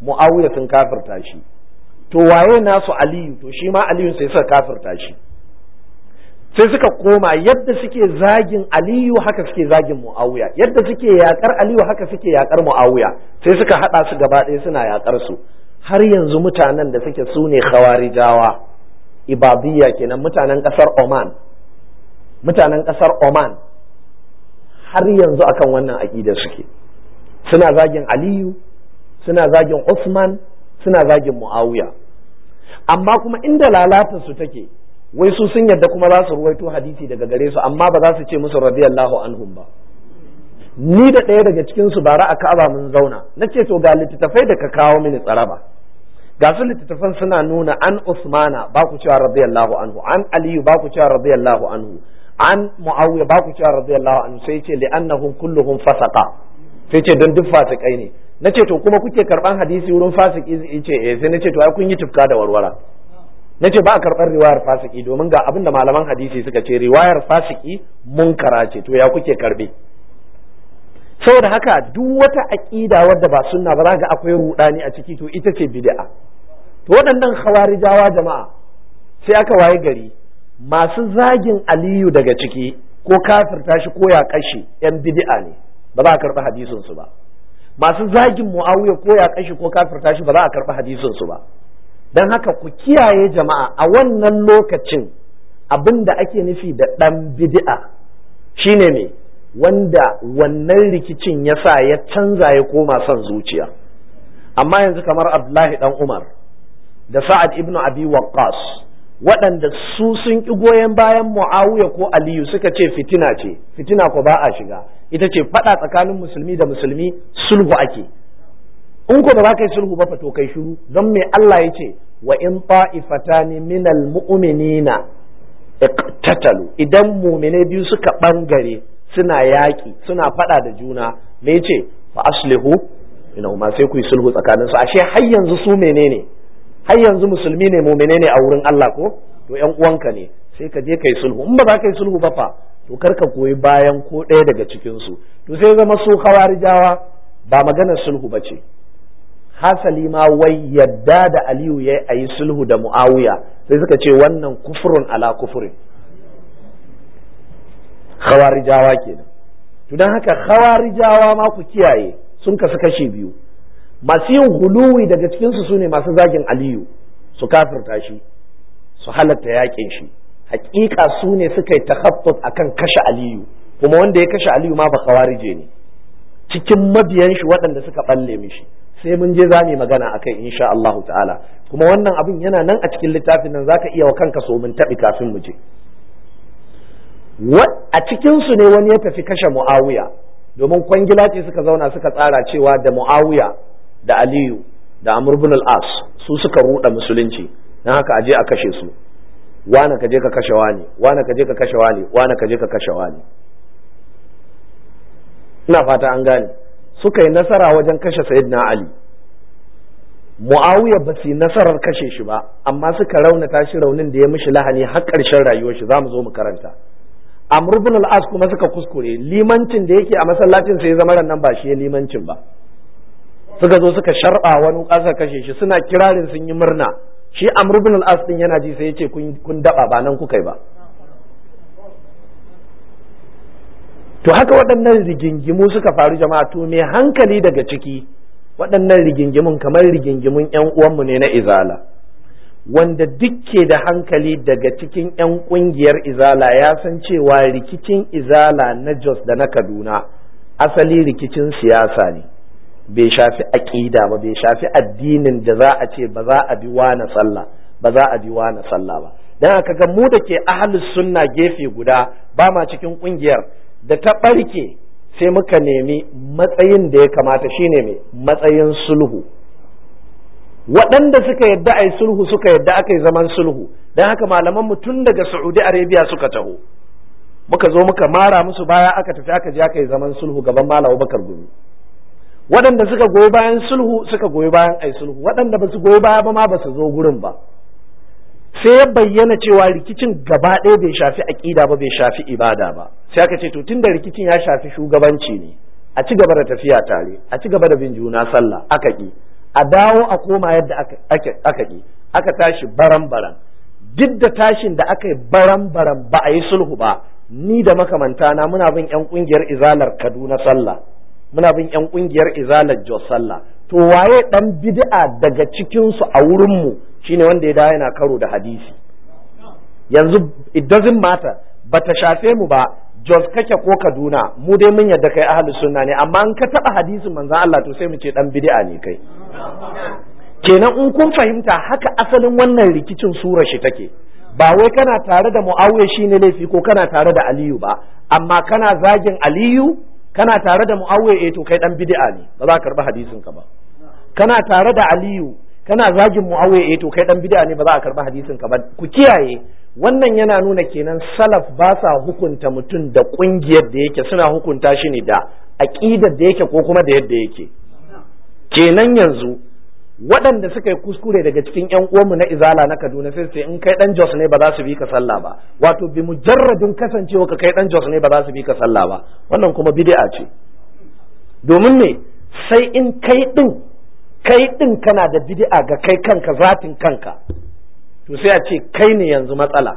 mu'awiya sun kafirta shi to waye nasu aliyu to shi ma aliyu sai suka kafirta shi sai suka koma yadda suke zagin aliyu haka suke zagin mu'awiya yadda suke yakar aliyu haka suke yakar mu'awiya sai suka haɗa su gaba ɗaya suna yakar su har yanzu mutanen da suke su ne khawarijawa ibadiyya kenan mutanen kasar Oman mutanen kasar Oman har yanzu akan wannan aƙidar suke suna zagin Aliyu suna zagin Usman suna zagin Muawiya amma kuma inda lalatar su take wai su sun yarda kuma za su ruwaito hadisi daga gare su amma ba za su ce musu radiyallahu anhum ba ni da ɗaya daga cikin su bara a Ka'aba mun zauna nace to ga littattafai da ka kawo mini tsaraba ga su littattafan suna nuna an usmana ba ku cewa radiyallahu anhu an aliyu ba ku cewa radiyallahu anhu an muawiya ba ku cewa radiyallahu anhu sai ce li'annahum kulluhum fasaqa sai ce don duk fasikai ne nace to kuma kuke karban hadisi wurin fasiki yace eh sai nace to ai kun yi tufka da warwara nace ba a karban riwayar fasiki domin ga abinda malaman hadisi suka ce riwayar fasiki munkara ce to ya kuke karbe saboda haka duk wata aƙida wadda ba sunna ba za ga akwai ruɗani a ciki to ita ce bid'a to waɗannan khawarijawa jama'a sai aka waye gari masu zagin aliyu daga ciki ko kafirta shi ko ya kashe yan bid'a ne ba za a karɓi hadisin su ba masu zagin muawiya ko ya kashe ko kafirta tashi ba za a karɓi hadisin su ba dan haka ku kiyaye jama'a a wannan lokacin abin da ake nufi da ɗan bid'a shine ne wanda wannan rikicin ya sa ya canza ya koma son zuciya amma yanzu kamar abdullahi dan umar da sa'ad ibn abi waqqas waɗanda su sun ƙi goyon bayan muawiya ko aliyu suka ce fitina ce fitina ko ba a shiga ita ce faɗa tsakanin musulmi da musulmi sulhu ake in ko ba za ka yi sulhu ba fa to kai shiru don me Allah ya ce wa in ta'ifatani minal mu'minina iqtatalu idan mu'mine biyu suka bangare suna yaƙi suna faɗa da juna me ce fa aslihu ma sai ku yi sulhu tsakaninsu ashe har yanzu su menene har yanzu musulmi ne mu menene a wurin Allah ko to ƴan uwanka ne sai ka je ka yi sulhu in ba za ka yi sulhu ba fa to kar ka koyi bayan ko ɗaya daga cikin su to sai zama su hawarijawa ba maganar sulhu ba ce hasali ma wai yadda da aliyu ya yi sulhu da mu'awiya sai suka ce wannan kufurun ala kufurin khawarijawa kenan to dan haka khawarijawa ma ku kiyaye sun kasu kashe biyu masu yin huluwi daga cikin su sune masu zagin aliyu su kafirta shi su halatta yakin shi hakika sune ne suka yi takhaffuf akan kashe aliyu kuma wanda ya kashe aliyu ma ba khawarije ne cikin mabiyan shi waɗanda suka balle mishi sai mun je za mu magana akai insha Allah ta'ala kuma wannan abin yana nan a cikin littafin nan zaka iya wa kanka so mun tabi kafin mu je a cikinsu ne wani ya tafi kashe mu'awiya domin kwangila ce suka zauna suka tsara cewa da mu'awiya da aliyu da Amurbin al'as al-as su suka ruɗa musulunci don haka aje a kashe su wane ka je ka kashe wani wane ka je ka kashe wani wane ka je ka kashe wani ina fata an gane suka yi nasara wajen kashe na ali mu'awiya ba su yi nasarar kashe shi ba amma suka raunata shi raunin da ya mishi lahani har ƙarshen rayuwar shi za mu zo mu karanta amrubun al’as kuma suka kuskure limancin da yake a masallacin sai zama nan ba shi ya limancin ba suka zo suka sharba wani ƙasa kashe shi suna kirarin sun yi murna shi amrubun al’as din yana ji sai ya ce kun daba ba nan kuka yi ba to haka waɗannan rigingimu suka faru jama'a to me hankali daga ciki waɗannan rigingimun kamar rigingimun ƴan uwanmu ne na izala wanda dukke da hankali daga cikin 'yan kungiyar izala ya san cewa rikicin izala na jos da na kaduna asali rikicin siyasa ne bai shafi aƙida ba bai shafi addinin da za a ce ba za a bi na sallah ba za a bi na sallah ba don haka ga mu da ke ahalus sunna gefe guda ba ma cikin kungiyar da ta barke sai muka nemi matsayin da ya kamata shine mai matsayin sulhu waɗanda suka yadda a yi sulhu suka yadda aka yi zaman sulhu don haka malaman mu tun daga saudi arabia suka taho muka zo muka mara musu baya aka tafi aka je aka yi zaman sulhu gaban malam bakar gumi waɗanda suka goyi bayan sulhu suka goyi bayan a yi sulhu waɗanda ba su goyi baya ba ma ba su zo gurin ba sai ya bayyana cewa rikicin gaba ɗaya bai shafi aƙida ba bai shafi ibada ba sai aka ce to tunda rikicin ya shafi shugabanci ne a ci gaba da tafiya tare a ci gaba da bin juna sallah aka ki a dawo a koma yadda aka yi aka tashi baran baran duk da tashin da aka yi baran baran ba a yi sulhu ba ni da makamanta na muna bin yan kungiyar izalar kaduna sallah muna bin yan kungiyar izalar jos sallah to waye dan bid'a daga cikin su a wurinmu mu shine wanda ya dawo yana karo da hadisi yanzu it doesn't matter bata shafe mu ba Jos kake ko Kaduna mu dai mun yadda kai ahlus sunna ne amma in ka taba hadisin manzon Allah to sai mu ce dan bid'a ne kai kenan in kun fahimta haka asalin wannan rikicin sura shi take ba wai kana tare da Muawiya shine laifi ko kana tare da Aliyu ba amma kana zagin Aliyu kana tare da Muawiya eh to kai dan bid'a ne ba za ka karba hadisin ka ba kana tare da Aliyu kana zagin Muawiya eh to kai dan bid'a ne ba za a karba hadisin ka ba ku kiyaye wannan yana nuna kenan salaf ba sa hukunta mutum da ƙungiyar da yake suna hukunta shi ne da aƙidar da yake ko kuma da yadda yake kenan yanzu waɗanda suka yi kuskure daga cikin ƴan uwanmu na izala na Kaduna sai sai in kai ɗan Jos ne ba za su bi ka sallah ba wato bi mujarradin kasancewa ka kai ɗan Jos ne ba za su bi ka sallah ba wannan kuma bidi'a ce domin ne sai in kai ɗin kai ɗin kana da bidi'a ga kai kanka zatin kanka to sai a ce kai ne yanzu matsala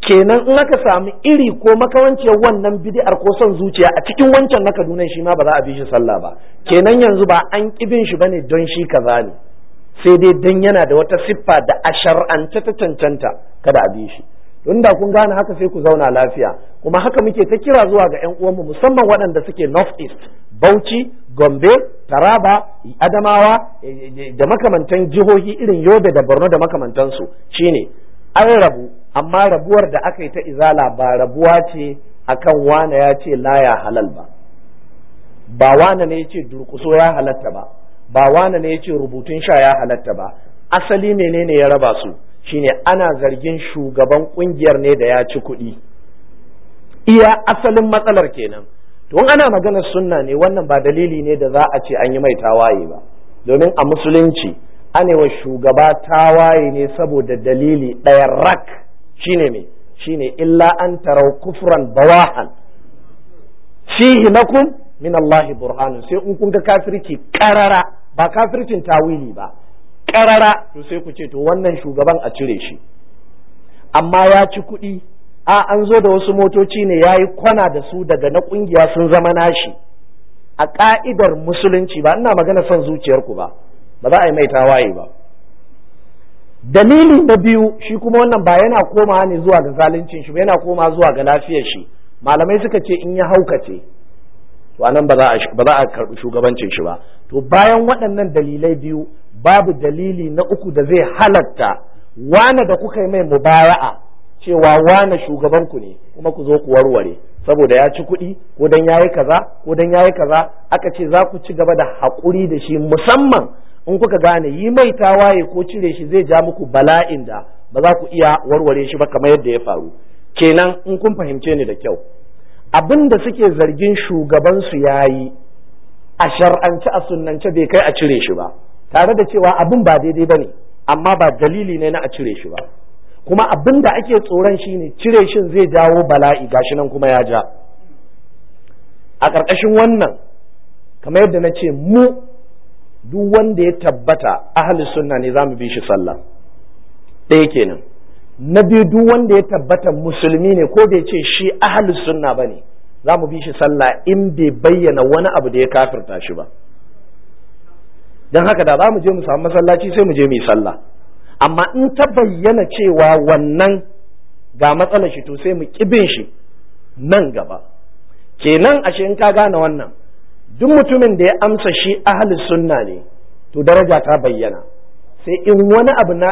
kenan in aka samu iri ko makamanciyar wannan bid'ar ko son zuciya a cikin wancan na Kaduna shi ma ba za a bi shi sallah ba kenan yanzu ba an kibin shi bane don shi kaza ne sai dai dan yana da wata siffa da ashar'anta ta cancanta kada a bi shi don da kun gane haka sai ku zauna lafiya kuma haka muke ta kira zuwa ga 'yan uwanmu musamman waɗanda suke north east bauchi gombe taraba adamawa eh, eh, da makamantan jihohi irin yobe da borno da makamantansu shine an rabu amma rabuwar da aka yi ta izala ba rabuwa ce akan wane ya ce laya halal ba ba wane ne ya ce durkuso ya halatta ba ba wane ne ya ce rubutun sha ya halatta ba asali menene ya raba su shine ana zargin shugaban kungiyar ne da ya ci kuɗi iya asalin matsalar kenan to ana maganar sunna ne wannan ba dalili ne da za a ce an yi mai tawaye ba domin a musulunci wa shugaba tawaye ne saboda dalili ɗaya rak shine me shine illa an tarau kufran bawahan fihi lakum min Allahi burhanun sai in kun ga kafirci karara ba kafircin tawili ba karara to sai ku ce to wannan shugaban a cire shi amma ya ci kuɗi a an zo da wasu motoci ne ya yi kwana da su daga na ƙungiya sun zama nashi a ƙa'idar musulunci ba ina magana son zuciyarku ba ba za a yi mai tawaye ba dalili na biyu shi kuma wannan ba yana koma ne zuwa ga zaluncin shi ba yana koma zuwa ga lafiyar shi malamai suka ce in ya haukace to anan ba za a karɓi shugabancin shi ba to bayan waɗannan dalilai biyu babu dalili na uku da zai halatta wane da kuka yi mai mubara'a. cewa wane shugaban ku ne kuma ku zo ku warware saboda ya ci kuɗi ko dan yayi kaza ko dan yayi kaza aka ce za ku ci gaba da haƙuri da shi musamman in kuka gane yi mai tawaye ko cire shi zai ja muku bala'in da ba za ku iya warware shi ba kamar yadda ya faru kenan in kun fahimce ni da kyau abin da suke zargin shugabansu ya yi a shar'ance a sunnance bai kai a cire shi ba tare da cewa abin ba daidai ba ne amma ba dalili ne na a cire shi ba kuma abin da ake tsoron shine cire shin zai jawo bala'i gashi nan kuma ya ja a ƙarƙashin wannan kamar yadda na ce mu duk wanda ya tabbata ahli sunna ne za mu bi shi sallah ɗaya kenan na biyu duk wanda ya tabbata musulmi ne ko bai ce shi ahli sunna ba ne za mu bi shi sallah in bai bayyana wani abu da ya kafirta shi ba don haka da za mu je mu samu masallaci sai mu je mu yi sallah amma in ta bayyana cewa wannan ga matsalar shi to sai mu kibin shi nan gaba kenan ashe in ka gane wannan duk mutumin da ya amsa shi ahli sunna ne to daraja ta bayyana sai in wani abu na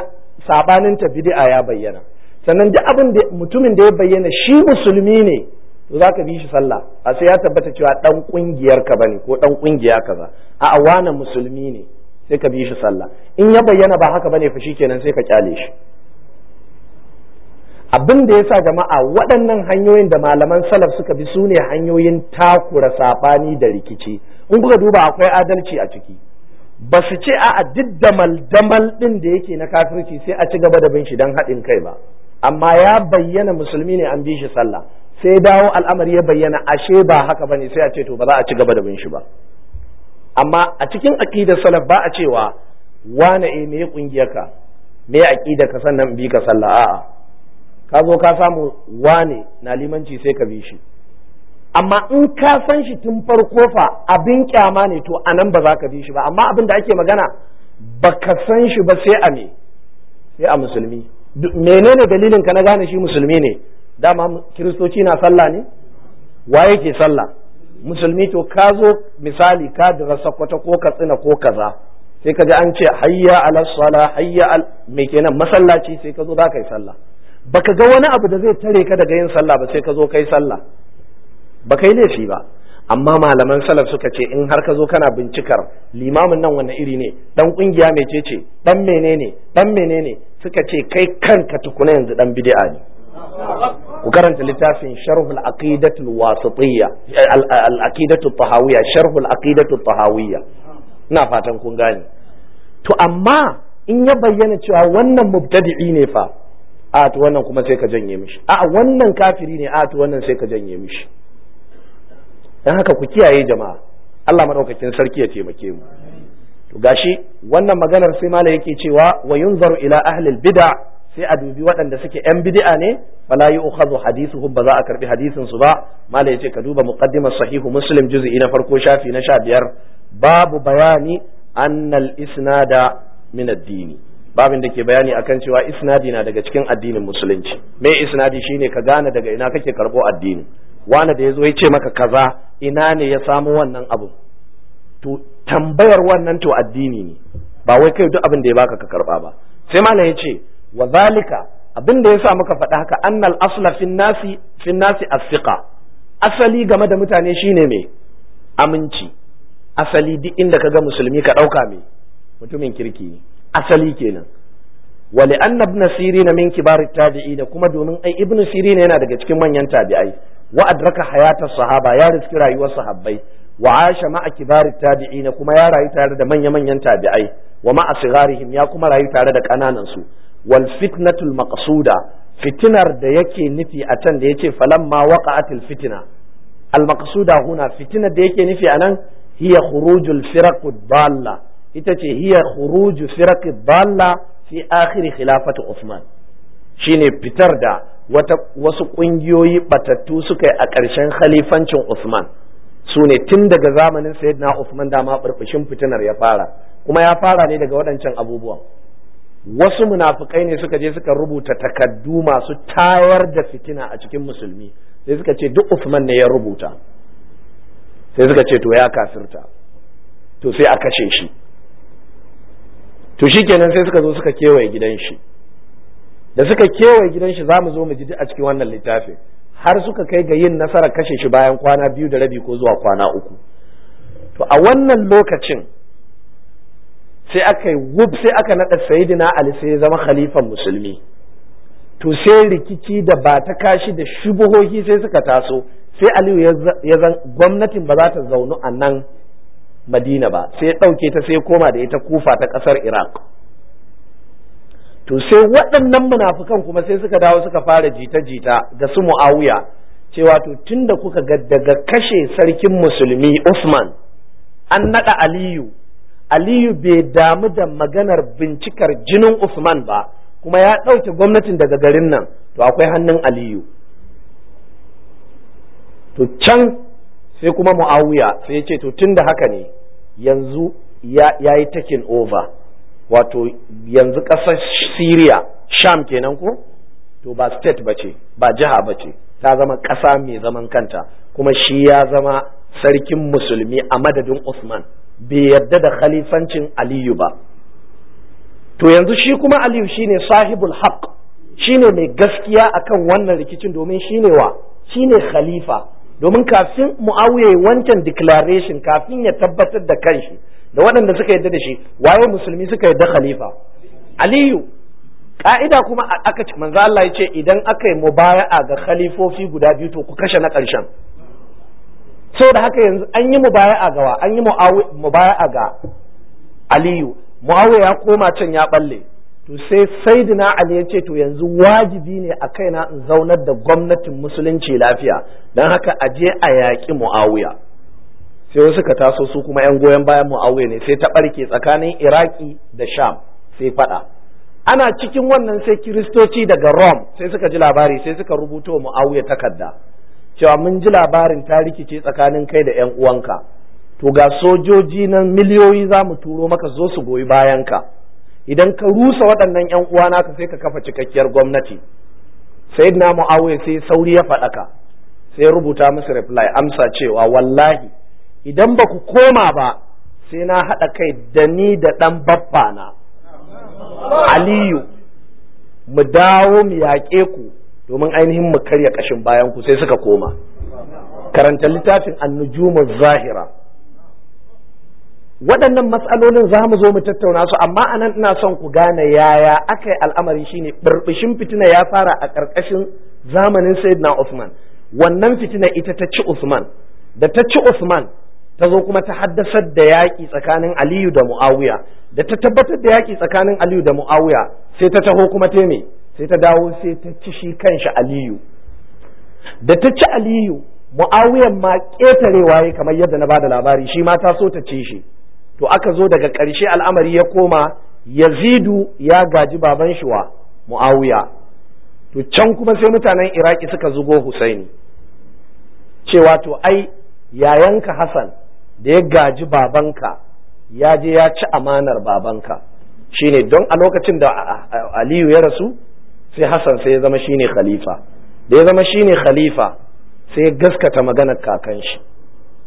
sabanin ta bid'a ya bayyana sannan duk abin da mutumin da ya bayyana shi musulmi ne to zaka bi shi sallah a sai ya tabbata cewa dan kungiyar ka bane ko dan kungiya kaza a awana musulmi ne sai ka bi shi sallah in ya bayyana ba haka bane fa kenan sai ka kyale shi abin da yasa jama'a waɗannan hanyoyin da malaman salaf suka bi sune hanyoyin takura saɓani da rikici in kuka duba akwai adalci a ciki ba su ce a duk damal damal ɗin da yake na kafirci sai a ci gaba da bin shi don haɗin kai ba amma ya bayyana musulmi ne an bi shi sallah sai dawo al'amari ya bayyana ashe ba haka bane sai a ce to ba za a ci gaba da bin shi ba amma a cikin aqidar salaf ba a cewa wane eh me ka me aqidar ka sannan bi ka sallah a'a ka zo ka samu wane na limanci sai ka bi shi amma in ka san shi tun farko fa abin kyama ne to anan ba za ka bi shi ba amma abin da ake magana baka san shi ba sai a me sai a musulmi menene dalilin ka na gane shi musulmi ne dama kiristoci na sallah ne waye ke sallah musulmi to ka zo misali ka dira kwata ko katsina ko kaza sai ka ji an ce hayya ala sala hayya al me kenan masallaci sai ka zo za ka yi sallah baka ga wani abu da zai tare ka daga yin sallah ba sai ka zo kai sallah ba kai laifi ba amma malaman salaf suka ce in har ka zo kana bincikar limamin nan wanne iri ne dan kungiya mecece dan menene dan menene suka ce kai kanka tukuna yanzu dan bid'a ne ku karanta littafin sharhul aqidatul wasatiyya al aqidatul tahawiyya sharhul aqidatul tahawiyya ina fatan kun gane to amma in ya bayyana cewa wannan mubtadi'i ne fa a to wannan kuma sai ka janye mishi a wannan kafiri ne a to wannan sai ka janye mishi dan haka ku kiyaye jama'a Allah madaukakin sarki ya taimake mu to gashi wannan maganar sai mala yake cewa wa yunzaru ila ahli bid'a sai a dubi waɗanda suke yan bid'a ne fala yu'khadhu hadithuhum ba za a karbi hadisin su ba malai yace ka duba muqaddimar sahihu muslim juz'i na farko shafi na 15 babu bayani annal isnada min ad babin da ke bayani akan cewa isnadi na daga cikin addinin musulunci me isnadi shine ka gane daga ina kake karbo addini wani da yazo ya ce maka kaza ina ne ya samu wannan abu to tambayar wannan to addini ne ba wai kai duk abin da ya baka ka karba ba sai malam yace wa zalika abin da yasa muka faɗa haka annal asla fin nasi fin asali game da mutane shine me aminci asali duk inda ka ga musulmi ka ɗauka me mutumin kirki asali kenan wa li'anna ibn na min kibar tabi'i da kuma domin ai ibn na yana daga cikin manyan tabi'ai wa adraka hayatar sahaba ya riski rayuwar sahabbai wa asha ma'a kibar tabi'ina kuma ya rayu tare da manya manyan tabi'ai wa ma'a sigarihim ya kuma rayu tare da kananan su wal fitnatul maqsuda fitinar da yake nufi a can da yace falamma waqa'atil fitna al maqsuda huna fitinar da yake nufi anan hiya khurujul firaqud dalla ita ce hiya khuruju firaqid dalla fi akhir khilafati Uthman shine fitar da wata wasu kungiyoyi batattu suka yi a ƙarshen khalifancin Usman, su ne tun daga zamanin sayyidina Usman dama burbushin fitinar ya fara kuma ya fara ne daga waɗancan abubuwan wasu munafukai ne suka je suka rubuta takaddu masu tayar da fitina a cikin musulmi sai suka ce duk Uthman ne ya rubuta sai suka ce to ya kafirta to sai a kashe shi to shikenan sai suka zo suka kewaye gidan shi da suka kewaye gidan shi za mu zo mu ji a cikin wannan littafin har suka kai ga yin nasarar kashe shi bayan kwana biyu da rabi ko zuwa kwana uku to a wannan lokacin sai aka yi wub sai aka naɗa sayidina ali sai ya zama khalifan musulmi to sai rikici da ba ta kashi da shubuhohi sai suka taso sai aliyu ya zan gwamnatin ba za ta zaunu a nan madina ba sai ya ɗauke ta sai koma da ita kufa ta ƙasar iraq to sai waɗannan munafukan kuma sai suka dawo suka fara jita-jita ga su mu'awiya cewa to tunda kuka ga daga kashe sarkin musulmi usman an naɗa aliyu aliyu bai damu da maganar bincikar jinin usman ba kuma ya ɗauke gwamnatin daga garin nan to akwai hannun aliyu to can sai kuma mu'awiya sai ya ce to tun da haka ne yanzu ya yi takin over wato yanzu ƙasar syria sham kenan ko to ba state ba ce ba jiha ba ce ta zama ƙasa mai zaman kanta kuma shi ya zama sarkin musulmi a madadin usman bai yarda da khalifancin aliyu ba to yanzu shi kuma aliyu shine sahibul haq shine mai gaskiya akan wannan rikicin domin shine wa shine khalifa domin kafin muawiya wancan declaration kafin ya tabbatar da kanshi da waɗanda suka yarda da shi waye musulmi suka yarda khalifa aliyu ƙa'ida kuma aka ci manzo Allah ya ce idan aka yi mubaya'a ga khalifofi guda biyu to ku kashe na ƙarshen da haka yanzu an yi mubaya'a gawa an yi mubaya'a ga aliyu muawiya ya koma can ya balle to sai saidina ali ya ce to yanzu wajibi ne a kaina in zaunar da gwamnatin musulunci lafiya don haka a je a yaƙi muawiya sai wasu ka taso su kuma yan goyon bayan muawiya ne sai ta ɓarke tsakanin iraki da sham sai faɗa ana cikin wannan sai kiristoci daga rome sai suka ji labari sai suka rubuto muawiya takarda cewa mun ji labarin ta rikice tsakanin kai da 'yan uwanka to ga sojoji nan miliyoyi za mu turo maka zo su goyi bayanka idan ka rusa waɗannan 'yan uwana ka, sai ka kafa cikakkiyar gwamnati Sai mu muawiya sai sauri ya faɗaka sai rubuta musu reply amsa cewa wallahi idan ba ku koma ba sai na haɗa kai da ni da ɗan babba na aliyu mu dawo mu yaƙe ku domin ainihin mu karya kashin bayan ku sai suka koma karanta littafin annujumu zahira waɗannan matsalolin za mu zo mu tattauna su amma anan ina son ku gane yaya aka yi al'amari shine birbishin fitina ya fara a ƙarƙashin zamanin sayyidina Usman wannan fitina ita ta ci Usman da ta ci Usman ta zo kuma ta haddasar da yaƙi tsakanin Aliyu da Muawiya da ta tabbatar da yaƙi tsakanin Aliyu da Muawiya sai ta taho kuma ta me sai ta dawo sai ta ci shi kanshi aliyu da ta ci aliyu mu'awiyan ma ƙetarewa ya kamar yadda na bada labari shi ma ta so ta ci shi to aka zo daga ƙarshe al'amari ya koma yazidu ya gaji baban shi wa mu'awiya to can kuma sai mutanen iraki suka zugo husaini cewa to ai yayanka hassan da ya gaji babanka ya je ya ci amanar babanka shine don a lokacin da aliyu ya rasu sai Hassan sai ya zama shine khalifa da ya zama shine khalifa sai ya gaskata maganar kakan shi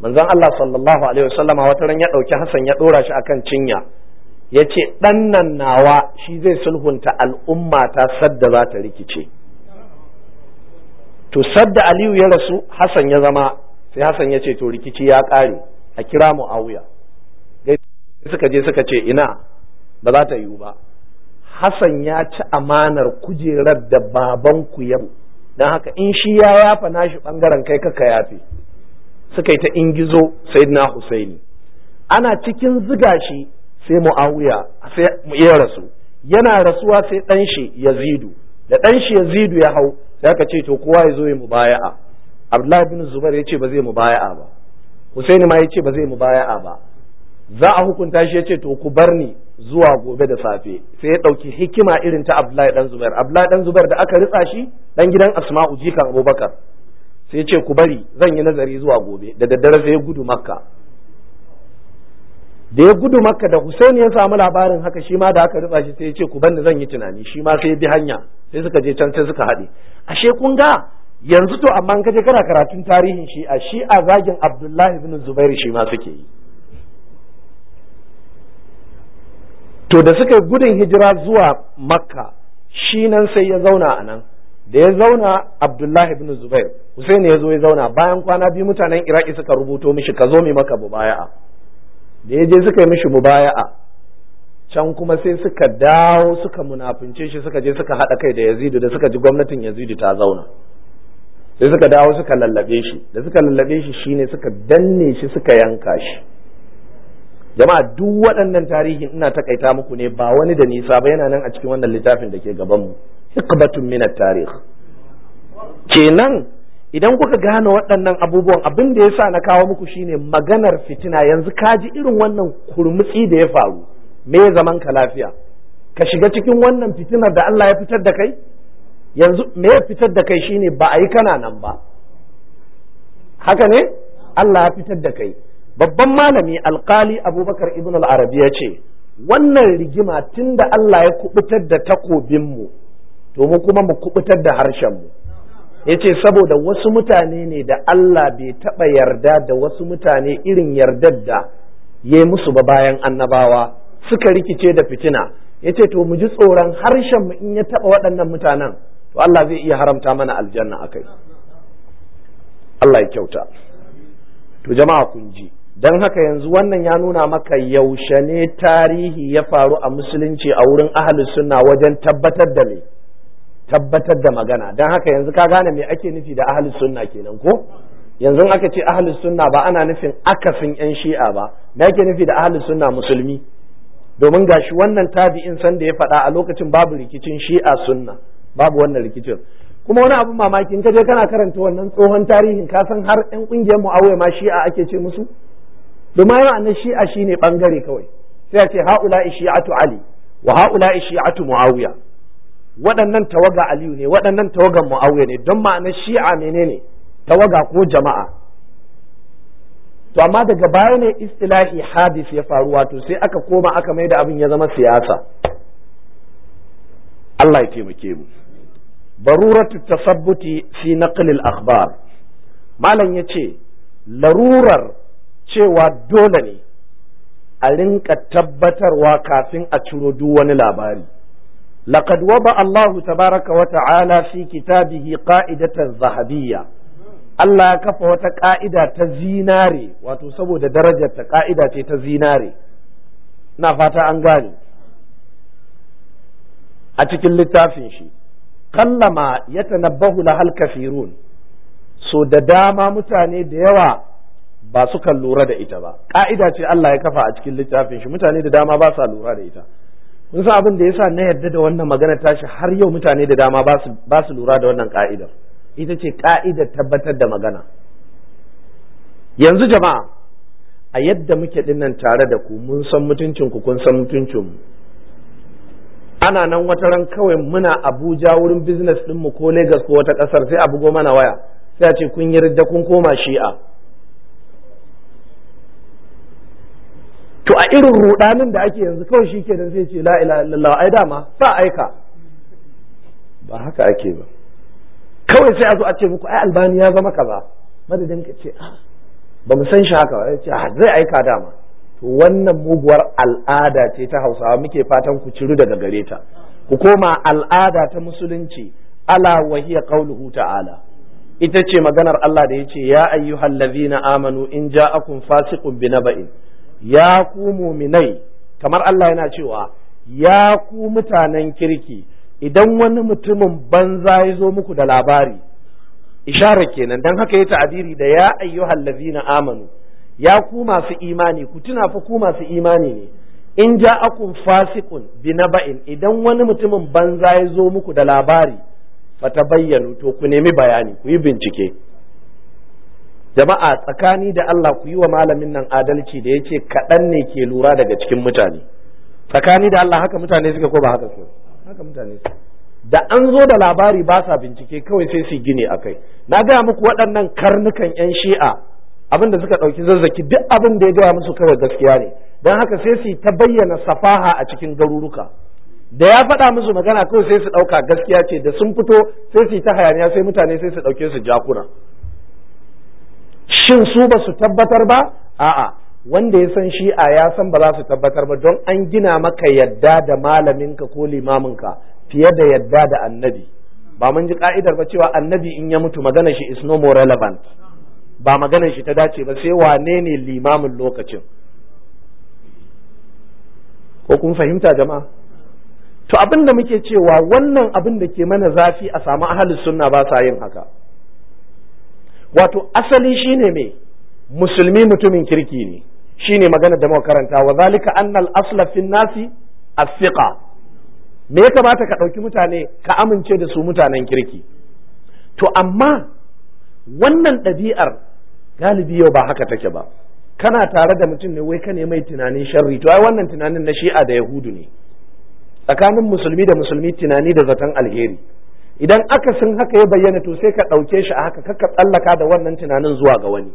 manzon Allah sallallahu alaihi wasallama wata ran ya dauki Hassan ya dora shi akan cinya ya ce ɗannan nan nawa shi zai sulhunta al'umma ta sadda za ta rikice to sadda aliyu ya rasu hassan ya zama sai hassan ya ce to rikici ya kare a kira mu a wuya suka je suka ce ina ba za ta yiwu ba Hassan ya ci amanar kujerar da babanku yau. don haka in shi ya yafa nashi ɓangaren kai kaka yafe suka yi ta ingizo sai na Husaini ana cikin ziga shi sai Muawiya sai ya rasu yana rasuwa sai ɗan shi Yazidu da ɗan shi Yazidu ya hau sai aka ce to kowa ya zo ya mubaya'a Abdullahi bin Zubair ya ce ba zai mubaya'a ba Husaini ma ya ce ba zai mubaya'a ba za a hukunta shi ya ce to ku bar ni zuwa gobe da safe sai ya ɗauki hikima irin ta Abdullahi dan Zubair Abdullahi dan Zubair da aka ritsa shi ɗan gidan Asma'u jikan Abubakar sai ya ce ku bari zan yi nazari zuwa gobe da daddare sai ya gudu Makka da ya gudu Makka da Hussein ya samu labarin haka shi ma da aka ritsa shi sai ya ce ku bani zan yi tunani shi ma sai ya bi hanya sai suka je can sai suka haɗe ashe kun ga yanzu to amma kaje kana karatun tarihin shi a shi a zagin Abdullahi ibn Zubair shi ma suke yi to da suka yi gudun hijira zuwa makka shi nan sai ya zauna a nan da ya zauna abdullahi ibn zubair husaini ya zo ya zauna bayan kwana biyu mutanen iraki suka rubuto mishi ka zo mai maka mubaya'a da ya je suka yi mishi mubaya'a can kuma sai suka dawo suka munafince shi suka je suka haɗa kai da yazidu da suka ji gwamnatin yazidu ta zauna sai suka dawo suka lallabe shi da suka lallabe shi shine suka danne shi suka yanka shi jama'a duk waɗannan tarihin ina takaita muku ne ba wani da nisa ba yana nan a cikin wannan littafin da ke gaban mu hikbatun min tarih kenan idan kuka gane waɗannan abubuwan abin da yasa na kawo muku shine maganar fitina yanzu ka ji irin wannan kurmutsi da ya faru me zaman ka lafiya ka shiga cikin wannan fitinar da Allah ya fitar da kai yanzu me ya fitar da kai shine ba a yi kana nan ba haka ne Allah ya fitar da kai babban malami alkali abubakar ibn al-arabi ya ce wannan rigima tunda Allah ya kubutar da takobinmu to mu kuma mu kubutar da harshenmu ya ce saboda wasu mutane ne da Allah bai taɓa yarda da wasu mutane irin yardar da ya musu ba bayan annabawa suka rikice da fitina ya ce to mu ji tsoron harshenmu in ya taɓa waɗannan mutanen to Allah zai iya haramta mana aljanna a kai Allah ya kyauta to jama'a kun ji don haka yanzu wannan ya nuna maka yaushe ne tarihi ya faru a musulunci a wurin ahalus suna wajen tabbatar da me tabbatar da magana don haka yanzu ka gane me ake nufi da ahalus suna kenan ko yanzu aka ce ahalus suna ba ana nufin akasin yan shi'a ba da ake nufi da ahalus suna musulmi domin gashi wannan tabi'in san da ya faɗa a lokacin babu rikicin shi'a sunna babu wannan rikicin kuma wani abin mamaki in ka je kana karanta wannan tsohon tarihin ka san har yan kungiyar mu'awiya ma shi'a ake ce musu domin ai shi'a shine bangare kawai sai a ce haula shi'atu ali wa haula shi'atu muawiya waɗannan tawaga aliyu ne waɗannan tawagan muawiya ne don ma'anar shi'a menene tawaga ko jama'a to amma daga baya ne istilahi hadis ya faru wato sai aka koma aka mai da abin ya zama siyasa Allah ya taimake mu baruratu tasabbuti fi naqlil akhbar malam yace larurar cewa dole ne a rinka tabbatarwa kafin a ciro duk wani labari laqad waba Allahu tabaraka wa ta'ala fi kitabihi qa'idatan zahabiyya Allah ya kafa wata ƙa'ida ta zinare wato saboda darajar ta ce ta zinare na fata an gane a cikin littafin shi kallama ya tanabbahu halka kafirun so da dama mutane da yawa ba sukan lura da ita ba ka'ida ce Allah ya kafa a cikin littafin shi mutane da dama ba sa lura da ita mun san abin da yasa na yarda da wannan magana tashi har yau mutane da dama ba su lura da wannan ka'idar ita ce ka'idar tabbatar da magana yanzu jama'a a yadda muke dinnan tare da ku mun san mutuncin ku kun san mutuncin mu ana nan wata ran kawai muna Abuja wurin business din mu ko Lagos ko wata kasar sai a bugo mana waya sai a ce kun yarda kun koma Shi'a to a irin rudanin da ake yanzu kawai shi kenan sai ce la ilaha illallah ai dama sa aika ba haka ake ba kawai sai a zo a ce muku ai albani ya zama kaza madadin ka ce ah, ba mu san shi haka ba ce ah, zai aika dama to wannan muguwar al'ada ce ta hausawa muke fatan ku ciru daga gare ta ku koma al'ada ta musulunci ala wahiya qauluhu ta'ala ita ce maganar Allah da ya ce ya ayyuhallazina amanu in ja'akum fasiqun binaba'in ya ku muminai kamar Allah yana cewa ya ku mutanen kirki idan wani mutumin banza ya zo muku da labari ishara kenan don haka ya ta'abiri da ya ayyuhal na amanu ya ku masu imani ku tuna fa ku masu imani ne in ja ja'akum fasiqun binaba'in idan wani mutumin banza ya zo muku da labari fa bayyanu to ku nemi bayani ku yi bincike jama'a tsakani da Allah ku yi wa malamin nan adalci da yace kaɗan ne ke lura daga cikin mutane tsakani da Allah haka mutane suke ko ba haka su haka mutane da an zo da labari ba sa bincike kawai sai su gine a kai na gaya muku waɗannan karnukan 'yan shi'a abinda suka ɗauki zazzaki duk abin da ya gaya musu kawai gaskiya ne don haka sai su ta bayyana safaha a cikin garuruka da ya faɗa musu magana kawai sai su ɗauka gaskiya ce da sun fito sai su ta hayaniya sai mutane sai su ɗauke su jakuna shin su ba su tabbatar ba a'a wanda ya san shi'a ya san ba za su tabbatar ba don an gina maka yadda da malaminka ko limaminka fiye da yadda da annabi ba mun ji ka'idar ba cewa annabi in ya mutu magana shi is no more relevant ba maganar shi ta dace ba sai wane ne limamin lokacin ko kun fahimta jama? to abin da muke cewa wannan abin da ke mana zafi a samu ahalus sunna ba sa yin haka wato asali shine me musulmi mutumin kirki ne shine magana da muka karanta wa zalika annal asla fin nasi as-siqa me ya kamata ka ɗauki mutane ka amince da su mutanen kirki to amma wannan ɗabi'ar galibi yau ba haka take ba kana tare da mutum ne wai ka ne mai tunanin sharri to ai wannan tunanin na shi'a da yahudu ne tsakanin musulmi da musulmi tunani da zaton alheri idan aka akasin haka ya bayyana to sai ka ɗauke shi a haka ka tsallaka da wannan tunanin zuwa ga wani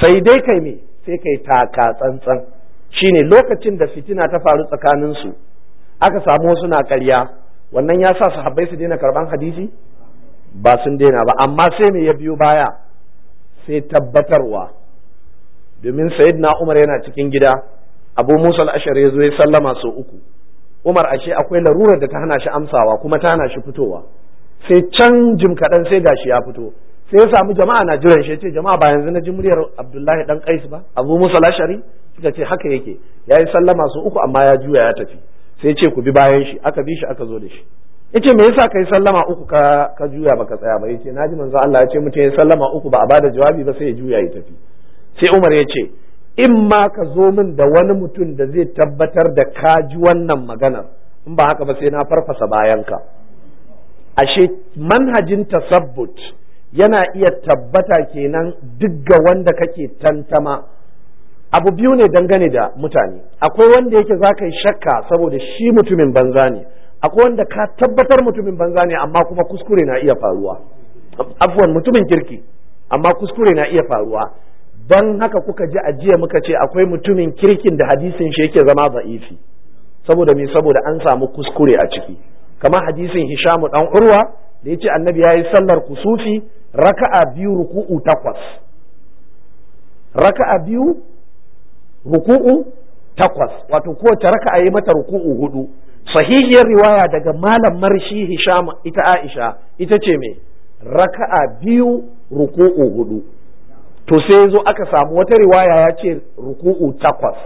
sai dai kai me sai kai taka tsantsan shine lokacin da fitina ta faru tsakanin su aka samu wasu na karya. wannan ya sa sahabbai su daina karban hadisi ba sun daina ba amma sai me ya biyo baya sai tabbatarwa domin na Umar yana cikin gida Abu Musa al-Ashari ya zo ya sallama sau uku Umar ashe akwai larurar da ta hana shi amsawa kuma ta hana shi fitowa sai can jim kaɗan sai gashi ya fito sai ya samu jama'a na jiran shi ce jama'a ba yanzu na ji muryar abdullahi dan kais ba abu musa lashari suka ce haka yake ya yi sallama su uku amma ya juya ya tafi sai ce ku bi bayan shi aka bi shi aka zo da shi Ya ce me yasa ka yi sallama uku ka juya juya baka tsaya ba ce na ji manzo Allah ya ce mutum ya sallama uku ba a bada jawabi ba sai ya juya ya tafi sai Umar ya ce in ma ka zo min da wani mutum da zai tabbatar da ka ji wannan maganar in ba haka ba sai na farfasa bayanka ashe manhajin tasabbut yana iya tabbata kenan duk ga wanda kake tantama abu biyu ne dangane da mutane akwai wanda yake za ka yi shakka saboda shi mutumin banza ne akwai wanda ka tabbatar mutumin banza ne amma kuma kuskure na iya faruwa Afuwan mutumin kirki amma kuskure na iya faruwa don haka kuka ji ajiya muka ce akwai mutumin kirkin da hadisin shi yake zama za'ifi saboda me saboda an samu kuskure a ciki kamar hadisin hishamu dan urwa da yace annabi ya yi sallar kusufi raka'a biyu ruku'u takwas raka'a biyu ruku'u takwas wato kowace raka'a yi mata ruku'u hudu sahihiyar riwaya daga malam marshi hisham ita aisha ita ce me raka'a biyu ruku'u hudu to sai zo aka samu wata riwaya ya ce ruku'u takwas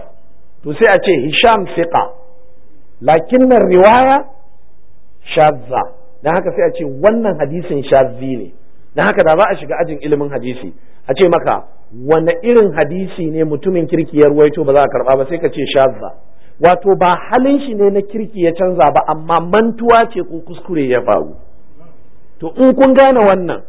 to sai a ce hisham siqa lakinnan riwaya shazza dan haka sai a ce wannan hadisin shazzi ne dan haka da za a shiga ajin ilimin hadisi a ce maka wani irin hadisi ne mutumin kirki ya ruwaito ba za a karba ba sai ka ce shazza wato ba halin shi ne na kirki ya canza ba amma mantuwa ce ko kuskure ya faru to in kun gane wannan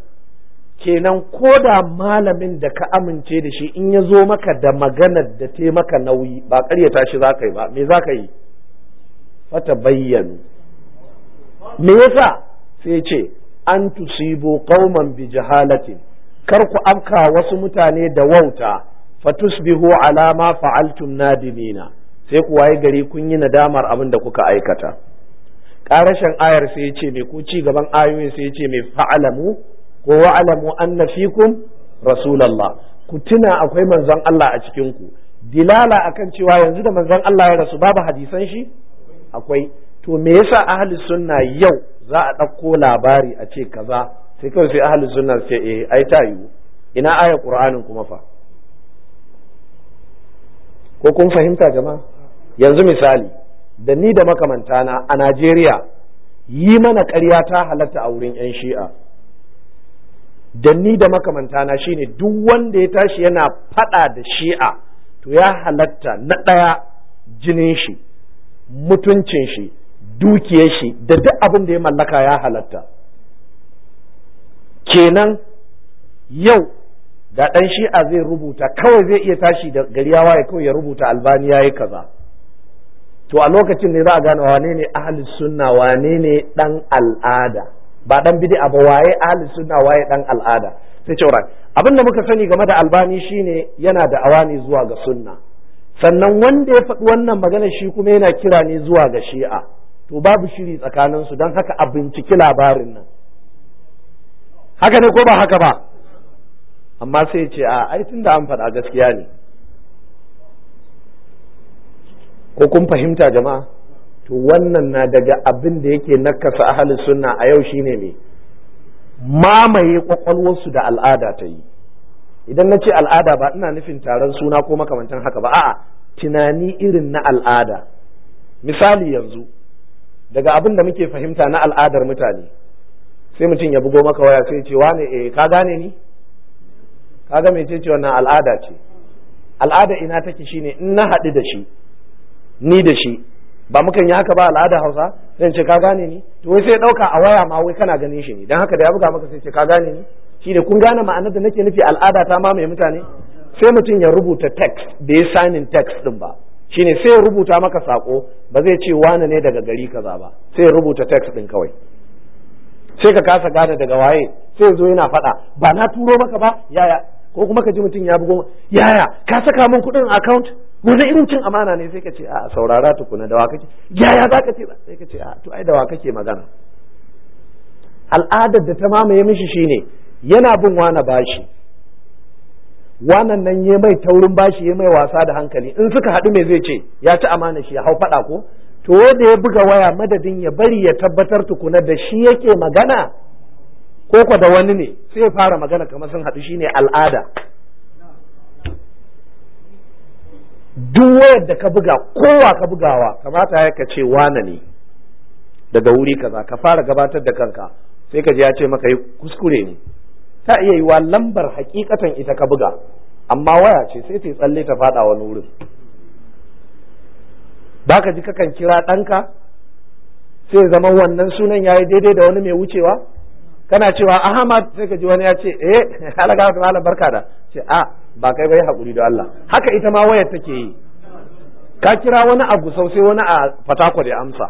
kenan ko da malamin da ka amince da shi in ya zo maka da maganar da taimaka maka nauyi ba karyata shi za ka yi ba me za ka yi fata bayyanu me yasa sai ce an tusibo qauman bi jahalatin kar ku afka wasu mutane da wauta fatusbihu ala ma fa'altum nadimina sai ku waye gari kun yi nadamar abin da kuka aikata ƙarashen ayar sai ya ce mai ku ci gaban ayoyin sai ya ce mai fa'alamu ko wa'alamu anna fikum rasulallah ku tuna akwai manzon Allah a cikin ku dilala akan cewa yanzu da manzon Allah ya rasu babu hadisan shi akwai to me yasa ahli sunna yau za a ɗauko labari a ce kaza sai kawai sai ahli sunna ce eh ai ta yiwu ina aya qur'anin kuma fa ko kun fahimta jama'a yanzu misali da ni da makamantana a Najeriya yi mana ƙarya ta halatta a wurin 'yan shi'a da ni da makamantana shine duk wanda ya tashi yana faɗa da shi'a to ya halatta na ɗaya jinin shi mutuncin shi dukiyar shi da duk abin da ya mallaka ya halatta kenan yau da ɗan shi'a zai rubuta kawai zai iya tashi da gari ya waye kawai ya rubuta albani ya kaza to a lokacin ne za a gane wane ne ahli sunna wane ne dan al'ada ba dan bid'a ba waye ahli sunna waye dan al'ada sai ce abin da muka sani game da albani shine yana da awani zuwa ga sunna sannan wanda ya faɗi wannan magana shi kuma yana kira ne zuwa ga shi'a to babu shiri tsakaninsu don haka a binciki labarin nan haka ne ko ba haka ba amma sai ce a ai tun da an faɗa gaskiya ne ko kun fahimta jama'a to wannan na daga abin da yake nakasa ahli sunna a yau shine ne mamaye kwakwalwarsu da al'ada ta yi idan na ce al'ada ba ina nufin taron suna ko makamantan haka ba a'a tunani irin na al'ada misali yanzu daga abin da muke fahimta na al'adar mutane sai mutum ya bugo maka waya sai ce wane eh ka gane ni ka ga mai ce wannan al'ada ce al'ada ina take shine in na haɗu da shi ni da shi ba mukan yi haka ba al'ada Hausa zan ce ka gane ni to wai sai ɗauka a waya ma wai kana ganin shi ne don haka da ya buga maka sai ce ka gane ni shi ne kun gane ma'anar da nake nufi al'ada ta mamaye mutane sai mutum ya rubuta text bai sanin text din ba shine sai ya rubuta maka sako ba zai ce wane ne daga gari kaza ba sai ya rubuta text din kawai sai ka kasa gane daga waye sai zo yana faɗa ba na turo maka ba yaya ko kuma ka ji mutum ya bugo yaya ka saka min kuɗin account wani irin cin amana ne sai ka ce a saurara tukuna da wa kake yaya za ka ce ba sai ka ce a to ai da kake magana al'adar da ta mamaye mishi shine yana bin wani bashi wannan nan ya mai taurin bashi ya mai wasa da hankali in suka haɗu me zai ce ya ci amana shi ya hau faɗa ko to wanda ya buga waya madadin ya bari ya tabbatar tukuna da shi yake magana ko kwa da wani ne sai ya fara magana kamar sun haɗu shine al'ada duk wayar da ka buga kowa ka bugawa kamata ya ka ce wane ne daga wuri kaza ka fara gabatar da kanka sai ka ji ya ce maka yi eh, kuskure ne ta iya yi wa lambar hakikatan ita ka buga amma waya ce sai ta tsalle ta fada wani wurin ba ka ji kakan kira ɗanka sai zama wannan sunan ya yi daidai da wani mai wucewa kana cewa ahmad sai ka ji wani ya ce eh alaga ta barka da ce a ah, ba kai bai hakuri da Allah haka ita ma wayar take yi ka kira wani a gusau sai wani a fatako da amsa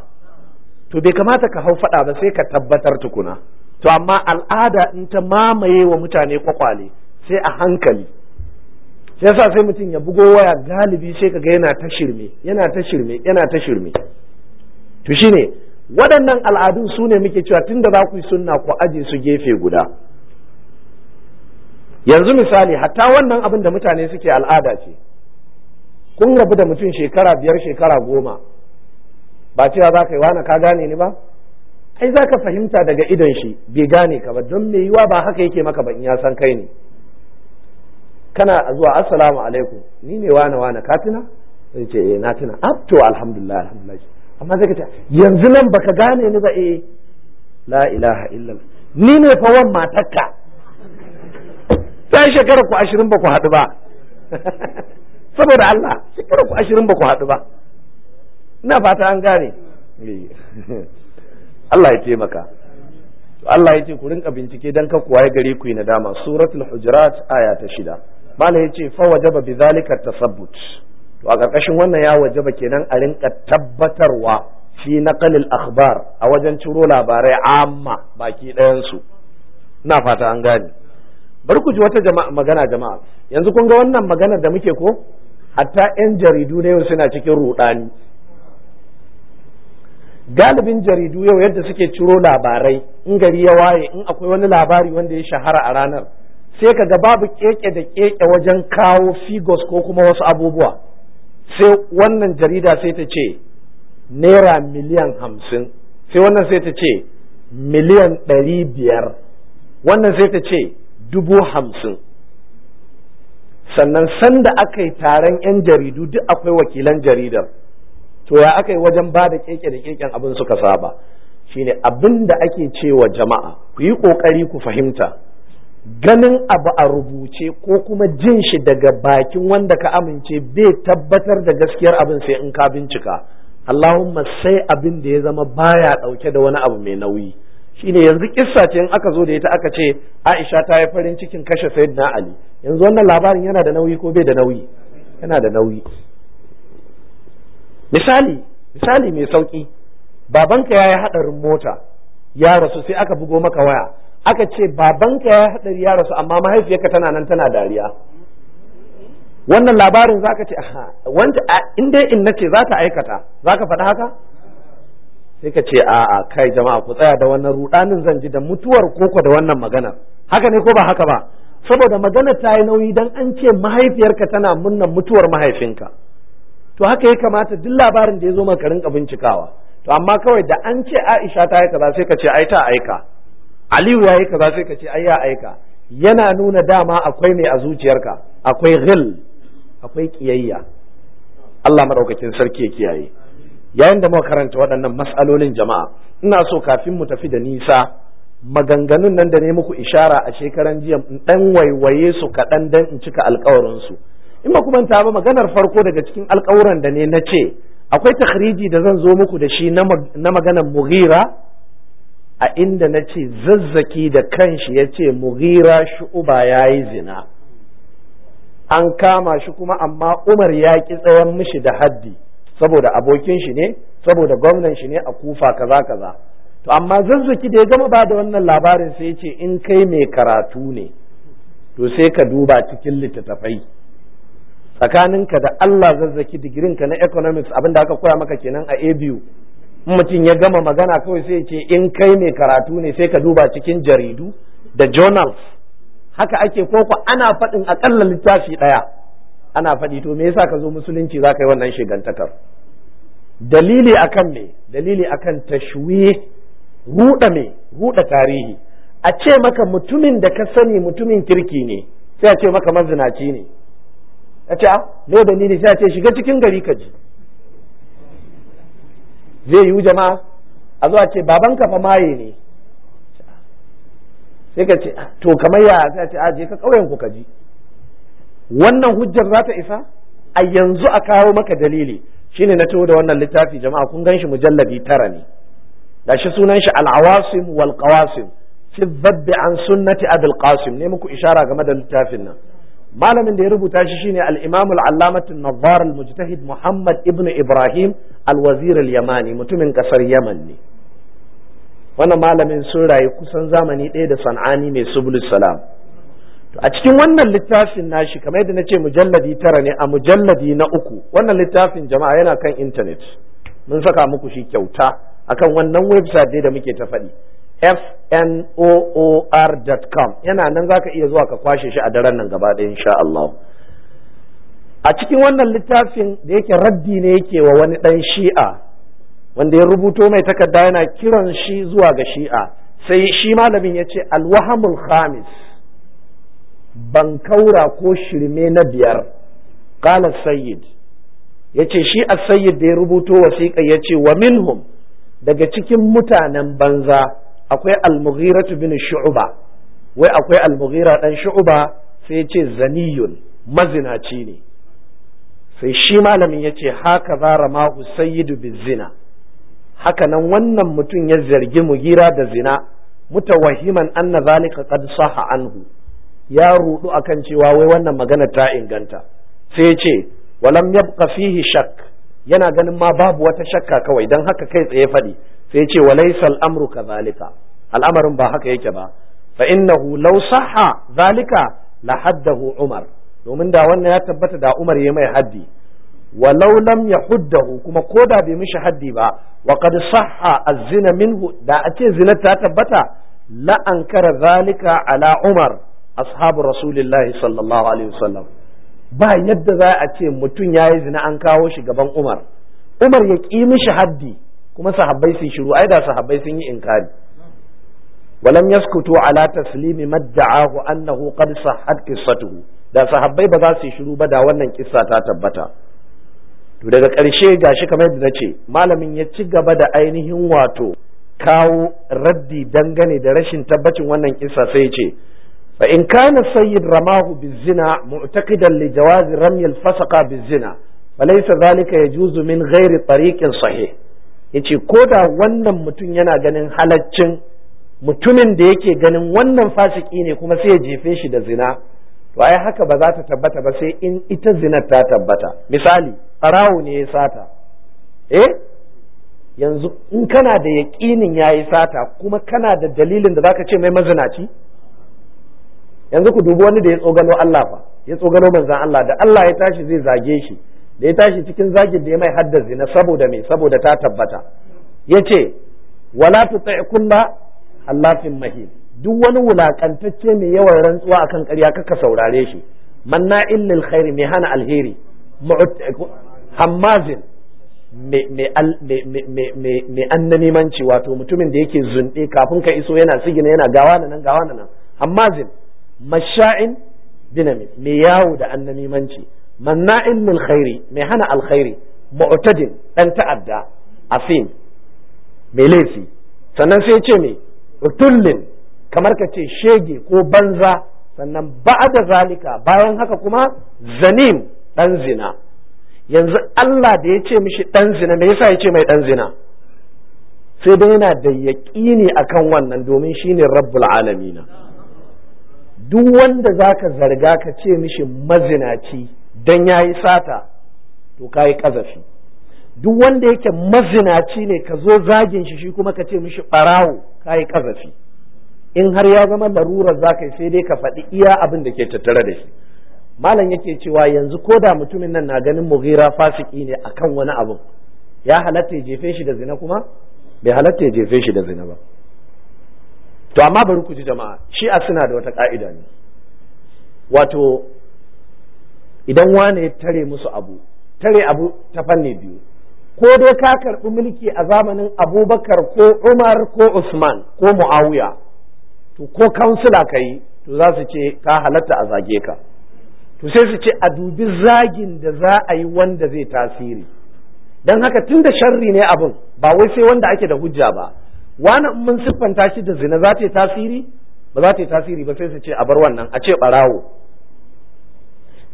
to bai kamata ka hau faɗa ba sai ka tabbatar tukuna to amma al'ada in ta mamaye wa mutane kwakwale sai a hankali sai sa sai mutum ya bugo waya galibi sai kaga yana ta shirme yana ta shirme yana ta shirme to shine waɗannan al'adun su ne muke cewa tunda za ku yi sunna ku aje su gefe guda yanzu misali hatta wannan abin da mutane suke al'ada ce kun rabu da mutum shekara biyar shekara goma ba cewa za ka yi wani ka gane ni ba ai za ka fahimta daga idon shi bai gane ka ba don mai yiwa ba haka yake maka ba in ya san kai ne kana zuwa assalamu alaikum ni ne wane wane ka tuna zai ce eh na tuna ab ah, to alhamdulillah alhamdulillah amma zai ce yanzu nan baka gane ni ba eh la ilaha illallah ni ne fa wan matarka ta shekara ku ashirin ba ku haɗu ba saboda Allah shekara ku ashirin ba ku haɗu ba ina fata an gane eh. Allah ya taimaka Allah ya ce ku rinka bincike dan ka kuwaye gare ku yi nadama suratul hujurat aya ta shida malai ya ce fa wajaba bi zalika tasabbut to a karkashin wannan ya wajaba kenan a rinka tabbatarwa fi naqalil akhbar a wajen ciro labarai amma baki ɗayan su ina fata an gane bari ku ji wata jama'a magana jama'a yanzu kun ga wannan magana da muke ko hatta yan jaridu ne suna cikin rudani galibin jaridu yau yadda suke ciro labarai in gari ya waye in akwai wani labari wanda ya shahara a ranar sai ka ga babu keke da keke wajen kawo figos ko kuma wasu abubuwa sai wannan jarida sai ta ce naira miliyan hamsin sai wannan sai ta ce miliyan ɗari biyar wannan sai ta ce dubu hamsin sannan sanda aka yi taron 'yan jaridu duk akwai wakilan jaridar to ya aka yi wajen ba da keke da keken abin suka saba shine abin da ake cewa jama'a ku yi kokari ku fahimta ganin abu a rubuce ko kuma jin shi daga bakin wanda ka amince bai tabbatar da gaskiyar abin sai in ka bincika Allahumma sai abin da ya zama baya dauke da wani abu mai nauyi shine yanzu kissa ce in aka zo da ita aka ce Aisha ta yi farin cikin kashe Sayyidina Ali yanzu wannan labarin yana da nauyi ko bai da nauyi yana da nauyi misali misali mai sauki babanka ya yi haɗarin mota ya rasu sai aka bugo maka waya aka ce babanka ya haɗari ya rasu amma mahaifiyarka tana nan tana dariya wannan labarin zaka ce wanda in dai in nace za ta aikata za ka faɗi haka sai ka ce a'a kai jama'a ku tsaya da wannan rudanin zan ji da mutuwar koko da wannan magana haka ne ko ba haka ba saboda magana ta yi nauyi dan an ce mahaifiyarka tana munnan mutuwar mahaifinka to haka ya kamata duk labarin da ya zo maka rinka bincikawa to amma kawai da an ce Aisha ta yi kaza sai ka ce ai ta aika Aliyu ya yi kaza sai ka ce ai ya aika yana nuna dama akwai mai a zuciyarka akwai ghil akwai kiyayya Allah madaukakin sarki ya kiyaye yayin da muka karanta waɗannan mas'alolin jama'a ina so kafin mu tafi da nisa maganganun nan da ne muku ishara a shekaran jiya dan waiwaye su kaɗan dan in cika alkawarin su in ba ku manta ba maganar farko daga cikin alƙawuran da ne na ce akwai takhriji da zan zo muku da shi na maganar mughira a inda na ce zazzaki da kanshi ya ce mughira shu'uba ya yi zina an kama shi kuma amma umar ya ƙi tsayan mishi da haddi saboda abokin shi ne saboda gwamnan shi ne a kufa kaza kaza to amma zazzaki da ya gama ba da wannan labarin sai ce in kai mai karatu ne to sai ka duba cikin littattafai tsakaninka da Allah zazzaki digirin ka na economics abin da aka koya maka kenan a ABU mutum ya gama magana kawai sai ce in kai mai karatu ne sai ka duba cikin jaridu da journals haka ake koko ana faɗin akalla littafi ɗaya ana faɗi to me yasa ka zo musulunci za ka yi wannan shigantakar dalili akan me dalili akan tashwihi ruɗa me ruɗa tarihi a ce maka mutumin da ka sani mutumin kirki ne sai a ce maka mazinaci ne ya ce a ah, me dalili sai ce shiga cikin gari ka ji zai yiwu jama'a a zuwa ce baban fa maye ne sai ka ce ah, to kamar ya sai ce a ah, ka ƙauyenku ku ka ji wannan hujjar za ta isa a yanzu a kawo maka dalili shine na taho da wannan littafi jama'a kun gan shi mujallabi tara ne shi sunan shi alawasim walƙawasim wal qawasim fi dhabbi an sunnati abul qasim ne muku ishara game da littafin nan malamin da ya rubuta shi shine al-Imam al-Allamah al-Mujtahid Muhammad ibn Ibrahim al-Wazir al-Yamani mutumin kasar Yaman ne wannan malamin sun rayu kusan zamani ɗaya da San'ani mai Subul Salam a cikin wannan littafin nashi kamar yadda nace mujalladi tara ne a mujalladi na uku wannan littafin jama'a yana kan internet mun saka muku shi kyauta akan wannan website da muke ta faɗi fnoor.com yana nan za ka iya zuwa ka kwashe shi a daren nan gaba ɗaya insha Allah a cikin wannan littafin da yake raddi ne yake wa wani ɗan shi'a wanda ya rubuto mai takarda yana kiran shi zuwa ga shi'a sai shi malamin ya ce alwahamul khamis ban kaura ko shirme na biyar kala sayyid ya ce shi a sayyid da ya rubuto wasiƙa ya ce wa minhum daga cikin mutanen banza akwai al bini bin shu'ba wai akwai al-mughira dan shu'ba sai yace zaniyun mazinaci ne sai shi malamin yace ce haka za ramahu sayyidu bizina haka nan wannan mutum ya zargi mughira da zina mutawahiman anna zalika qad saha anhu ya rudu akan cewa wai wannan magana ta inganta sai yace walam yabqa fihi shakk yana ganin ma babu wata shakka kawai dan haka kai tsaye faɗi. sai ce wa al'amru ka zalika? al'amarin ba haka yake ba fa innahu law saha zalika la haddahu umar domin da wannan ya tabbata da umar ya mai haddi walau lam huddahu kuma ko da bai mishi haddi ba wa qad saha az-zina minhu da a ce zina ta tabbata la ankara zalika ala umar ashabu rasulillahi sallallahu alaihi wasallam ba yadda za a ce mutum yayi zina an kawo shi gaban umar umar ya ƙi mishi haddi kuma sahabbai sun shiru ai da sahabbai sun yi inkari walam yaskutu ala taslimi madda'ahu annahu qad sahhat qissatuhu da sahabbai ba za su shiru ba da wannan kissa ta tabbata to daga ƙarshe gashi kamar yadda nace malamin ya ci gaba da ainihin wato kawo raddi dangane da rashin tabbacin wannan kissa sai ya ce fa in kana sayyid ramahu bizina mu'taqidan li jawazi ramyi al-fasaqa bizina falaysa dhalika yajuzu min ghairi tariqin sahih ya ce ko da wannan mutum yana ganin halaccin mutumin da yake ganin wannan fasiki ne kuma sai ya jefe shi da zina to ai haka ba za ta tabbata ba sai in ita zinar ta tabbata misali farawo ne ya sata eh yanzu in kana da yaƙinin ya yi sata kuma kana da dalilin da zaka ce mai mazinaci yanzu ku dubi wani da ya tsogano Allah fa ya tsogano manzan Allah da Allah ya tashi zai zage shi da ya tashi cikin zagin da ya mai haddar zina saboda me saboda ta tabbata yace wala tsaye kulla allafin mahi duk wani wulakantacce mai yawan rantsuwa akan ƙarya kaka saurare shi manna illil khairi mai hana alheri hammazin mai annamimanci wato mutumin da yake zunɗe kafin ka iso yana sigina yana gawa na nan gawa na nan hammazin masha'in dinamit mai yawo da annamimanci manna'in lil khairi mai hana alkhairi mu'tadin dan ta'adda asim mai laifi sannan sai ce me utullin kamar ka ce shege ko banza sannan ba'da zalika bayan haka kuma zanim dan zina yanzu Allah da ya ce mishi dan zina me yasa ya ce mai dan zina sai dai yana da yaƙini akan wannan domin shine rabbul alamina duk wanda zaka zarga ka ce mishi mazinaci dan yayi sata to kai kazafi duk wanda yake mazinaci ne ka zo zagin shi shi kuma ka ce mishi barawo kai ƙazafi. in har ya zama larurar zaka yi sai dai ka faɗi iya abin da ke tattare da shi malam yake cewa yanzu ko da mutumin nan na ganin mughira fasiki ne akan wani abu ya halatta ya jefe shi da zina kuma bai halatta ya jefe shi da zina ba to amma bari ku ji jama'a shi'a suna da wata ka'ida ne wato idan wane ya tare musu abu tare abu ta fanni biyu ko dai ka karɓi mulki a zamanin abubakar ko umar ko usman ko muawiya to ko kansila ka yi to za su ce ka halatta a zage ka to sai su ce a dubi zagin da za a yi wanda zai tasiri don haka tun da sharri ne abin ba wai sai wanda ake da hujja ba wani mun siffanta shi da zina za ta yi tasiri ba za ta yi tasiri ba sai su ce a bar wannan a ce ɓarawo.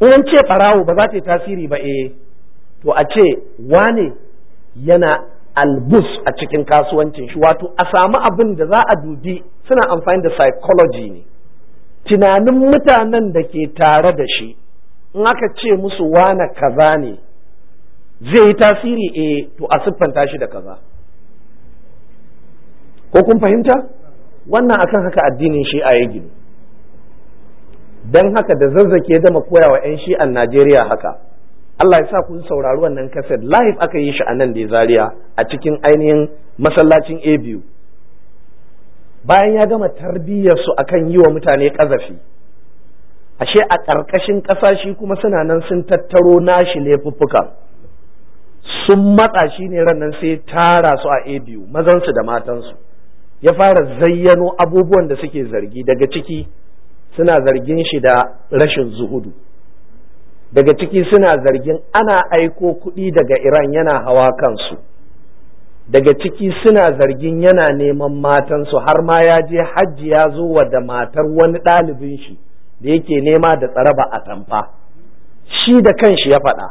in an ce farawo ba za ta yi tasiri ba eh to a ce wane yana albus a cikin kasuwancin shi wato a samu abin da za a dubi suna amfani da psychology ne tunanin mutanen da ke tare da shi in aka ce musu wane kaza ne zai yi tasiri eh to a siffanta shi da kaza ko kun fahimta wannan akan haka addinin shi a yi gini don haka da zazzake ya gama koya wa 'yan shi'an najeriya haka allah ya sa kun saurari wannan kaset live aka yi shi a nan da zaria a cikin ainihin masallacin a bayan ya gama tarbiyyarsu akan yi wa mutane ƙazafi ashe a ƙarƙashin ƙasa shi kuma suna nan sun tattaro nashi laifuffuka. sun matsa shi ne nan sai tara su a a mazan mazansu da matansu ya fara zayyano abubuwan da suke zargi daga ciki suna zargin shi da rashin zuhudu daga ciki suna zargin ana aiko kuɗi daga iran yana hawa kansu daga ciki suna zargin yana neman matansu har ma ya je hajji ya zo wa da matar wani ɗalibin shi da yake nema da tsaraba a tamfa shi da kanshi ya faɗa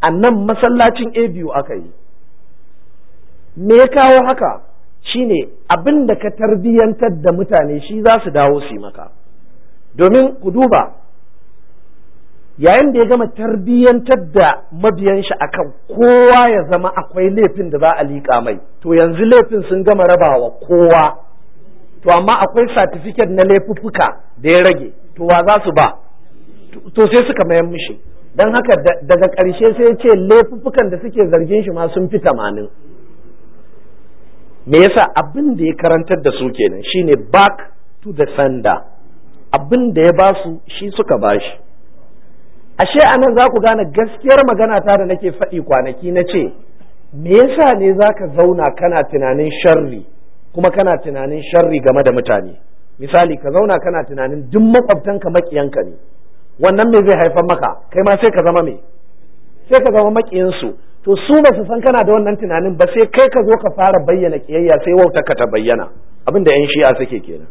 a nan masallacin abu aka yi me ya kawo haka shine abin da ka tarbiyyantar da mutane shi za su dawo su yi maka domin ku duba yayin da ya gama tarbiyyantar da mabiyan shi akan kowa ya zama akwai laifin da za a liƙa mai to yanzu laifin sun gama rabawa kowa to amma akwai satifiket na laifuffuka da ya rage to wa za su ba to sai suka mayan mishi don haka daga ƙarshe sai ya ce laifuffukan da suke zargin shi ma sun fi tamanin me yasa abin da ya karantar da su kenan shine back to the sender abin da ya basu shi suka bashi ashe a nan za ku gane gaskiyar magana ta da nake faɗi kwanaki na ce me yasa ne za ka zauna kana tunanin sharri kuma kana tunanin sharri game da mutane misali ka zauna kana tunanin duk makwabtanka makiyanka ne wannan me zai haifar maka kai ma sai ka zama me sai ka zama makiyansu to su ba su san kana da wannan tunanin ba sai kai ka zo ka fara bayyana kiyayya sai wautar ka ta bayyana abin da yan shi'a suke kenan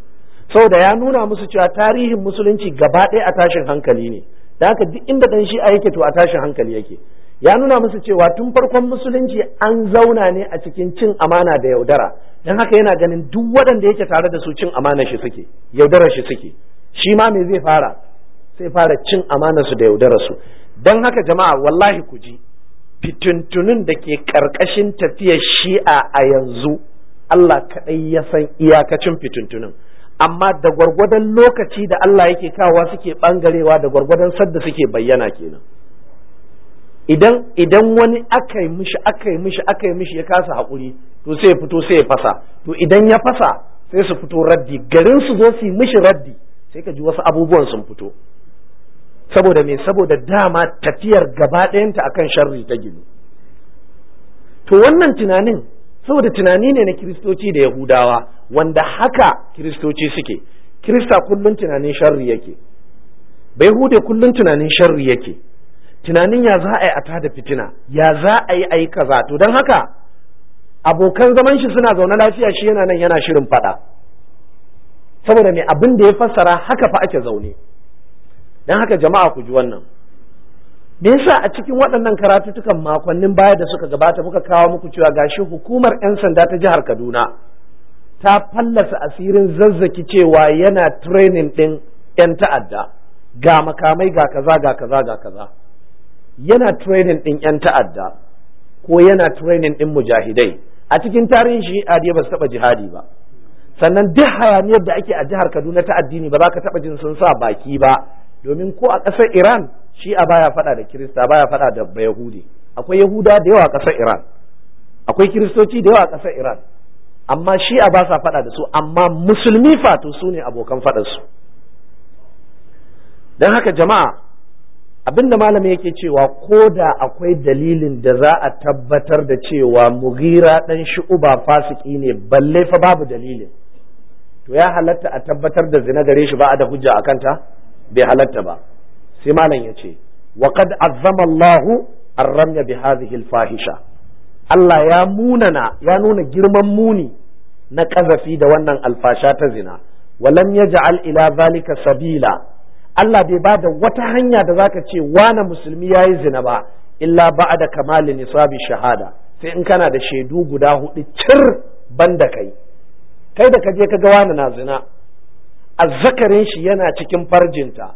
saboda ya nuna musu cewa tarihin musulunci gaba ɗaya a tashin hankali ne da haka duk inda dan shi'a yake to a tashin hankali yake ya nuna musu cewa tun farkon musulunci an zauna ne a cikin cin amana da yaudara dan haka yana ganin duk waɗanda yake tare da su cin amana shi suke yaudarar shi suke shi ma me zai fara sai fara cin amana su da yaudararsu. su don haka jama'a wallahi ku ji fitintunin da ke karkashin tafiyar shi'a a yanzu Allah kaɗai ya san iyakacin fitintunin amma da gwargwadon lokaci da Allah yake kawa suke bangarewa da gwargwadon sadda suke bayyana kenan idan idan wani aka yi mishi aka yi mishi aka yi mishi ya kasa haƙuri to sai ya fito sai ya fasa to idan ya fasa sai su fito raddi garin su zo su yi mishi raddi sai ka ji wasu abubuwan sun fito saboda me saboda dama tafiyar gaba ɗayanta akan sharri ta gini to wannan tunanin saboda tunani ne na kiristoci da yahudawa wanda haka kiristoci suke kirista kullum tunanin sharri yake bai hude kullum tunanin sharri yake tunanin ya za a yi a tada fitina ya za a yi a yi kaza to don haka abokan zaman shi suna zaune lafiya shi yana nan yana shirin fada saboda mai abin da ya fassara haka fa ake zaune don haka jama'a ku ji wannan me yasa a cikin waɗannan karatutukan makonnin baya da suka gabata muka kawo muku cewa gashi hukumar 'yan sanda ta jihar kaduna ta fallasa asirin zazzaki cewa yana training ɗin 'yan ta'adda ga makamai ga kaza ga kaza ga kaza yana training ɗin 'yan ta'adda ko yana training ɗin mujahidai a cikin tarihin shi dai ba su taɓa jihadi ba sannan duk hayaniyar da ake a jihar kaduna ta addini ba za ka taɓa jin sun sa baki ba domin ko a ƙasar iran shi'a baya faɗa da kirista baya faɗa da bayahudi akwai yahuda da yawa a ƙasar iran akwai kiristoci da yawa a ƙasar iran amma shi'a ba sa faɗa da su amma musulmi fato su ne abokan faɗarsu don haka jama'a abinda malami yake cewa ko da akwai dalilin da za a tabbatar da cewa mugira ɗan ba fasiki ne balle fa babu dalilin to ya halatta a tabbatar da zina gare shi ba a da hujja a kanta bai halatta ba sai malam ya ce wa qad azzama Allahu arramya bi hadhihi al Allah ya munana ya nuna girman muni na kazafi da wannan alfasha ta zina walam yaj'al ila zalika sabila Allah bai ba da wata hanya da zaka ce wana musulmi yayi zina ba illa ba'da kamali nisabi shahada sai in kana da shaidu guda hudu cir banda kai kai da kaje kaga wani na zina azzakarin shi yana cikin farjinta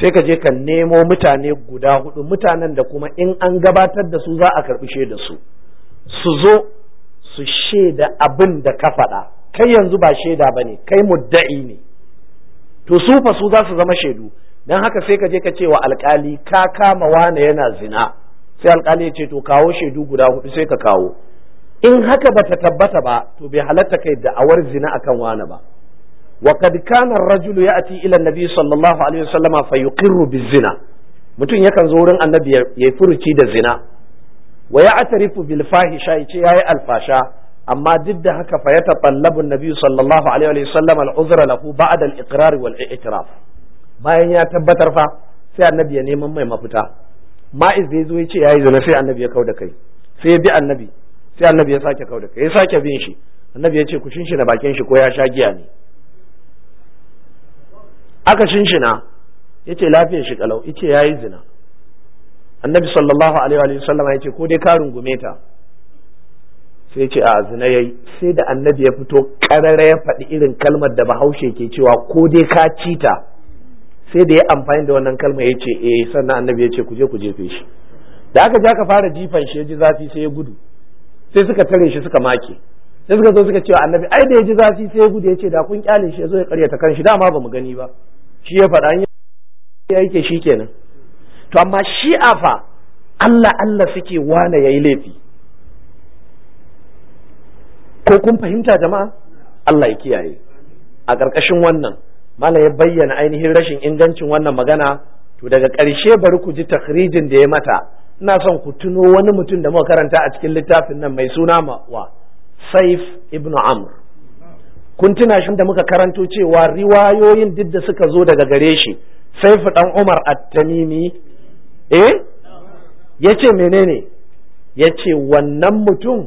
sai ka je ka nemo mutane guda hudu mutanen da kuma in an gabatar da su za a karbi shaida su su zo su shaida abin da ka faɗa kai yanzu ba shaida ba ne, kai mudda'i ne to su fa su za su zama shaidu dan haka sai ka je ka ce wa alkali ka kama wane yana zina sai alkali ya ce to kawo shaidu guda hudu sai ka kawo in haka bata tabbata ba to bai halatta kai da'awar zina akan wane ba wa kad kana ar-rajulu ya'ti ila an-nabi sallallahu alaihi wasallam fa yuqirru bizina mutum yakan zo wurin annabi ya furuci da zina wa ya'tarifu bil fahisha yace yayi alfasha amma duk da haka fa yatatallabu an-nabi sallallahu alaihi wasallam al-uzra lahu ba'da al-iqrar wal bayan ya tabbatar fa sai annabi ya neman mai mafita ma'iz da ya ya yi zina sai annabi ya kai sai ya bi annabi sai annabi ya sake kai ya sake bin shi annabi ya ce kushin shi na bakin shi ko ya sha giya ne aka shinshina ya ce lafiyar shi kalau ya ce ya yi zina annabi sallallahu alaihi wa sallama ya ce ko dai ka rungume ta sai ce a zina ya yi sai da annabi ya fito karara ya faɗi irin kalmar da bahaushe ke cewa ko dai ka cita sai da ya amfani da wannan kalmar ya ce eh sannan annabi ya ce ku je ku jefe shi da aka ja ka fara jifan shi ya ji zafi sai ya gudu sai suka tare shi suka make sai suka zo suka cewa annabi ai da ya ji zafi sai ya gudu ya ce da kun kyale shi ya zo ya karyata kanshi dama ba mu gani ba shi ya faɗa ya yake shi kenan to amma shi'a fa Allah Allah suke wane ya yi laifi ko kun fahimta jama'a Allah ya kiyaye a ƙarƙashin wannan mala ya bayyana ainihin rashin ingancin wannan magana to daga ƙarshe bari ku ji takhrijin da ya mata ina son ku tuno wani mutum da muka karanta a cikin littafin nan mai suna wa saif ibn amr kun tuna shi da muka karanto cewa riwayoyin duk da suka zo daga gare shi sai dan umar at-tamimi eh yace menene yace wannan mutum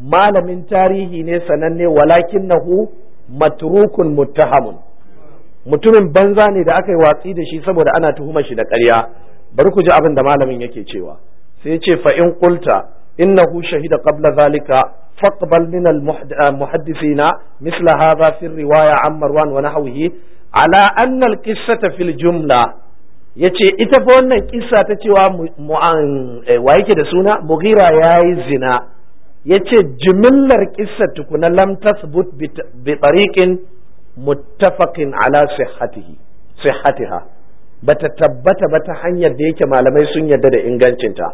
malamin tarihi ne sananne walakin walakinnahu matrukun muttahamun mutumin banza ne da aka yi watsi da shi saboda ana tuhuma shi da karya. bari ku ji abin da malamin yake cewa sai ya ce fa in qulta innahu shahida qabla zalika فاقبل من المحدثين مثل هذا في الرواية عن مروان ونحوه على أن القصة في الجملة yace ita fa wannan kissa ta cewa mu'an wa yake da suna mughira yayi zina yace jimillar kissa tukuna lam tasbut bi tariqin muttafaqin ala sihhatihi sihhatiha bata tabbata ba ta hanyar da yake malamai sun yarda da ingancinta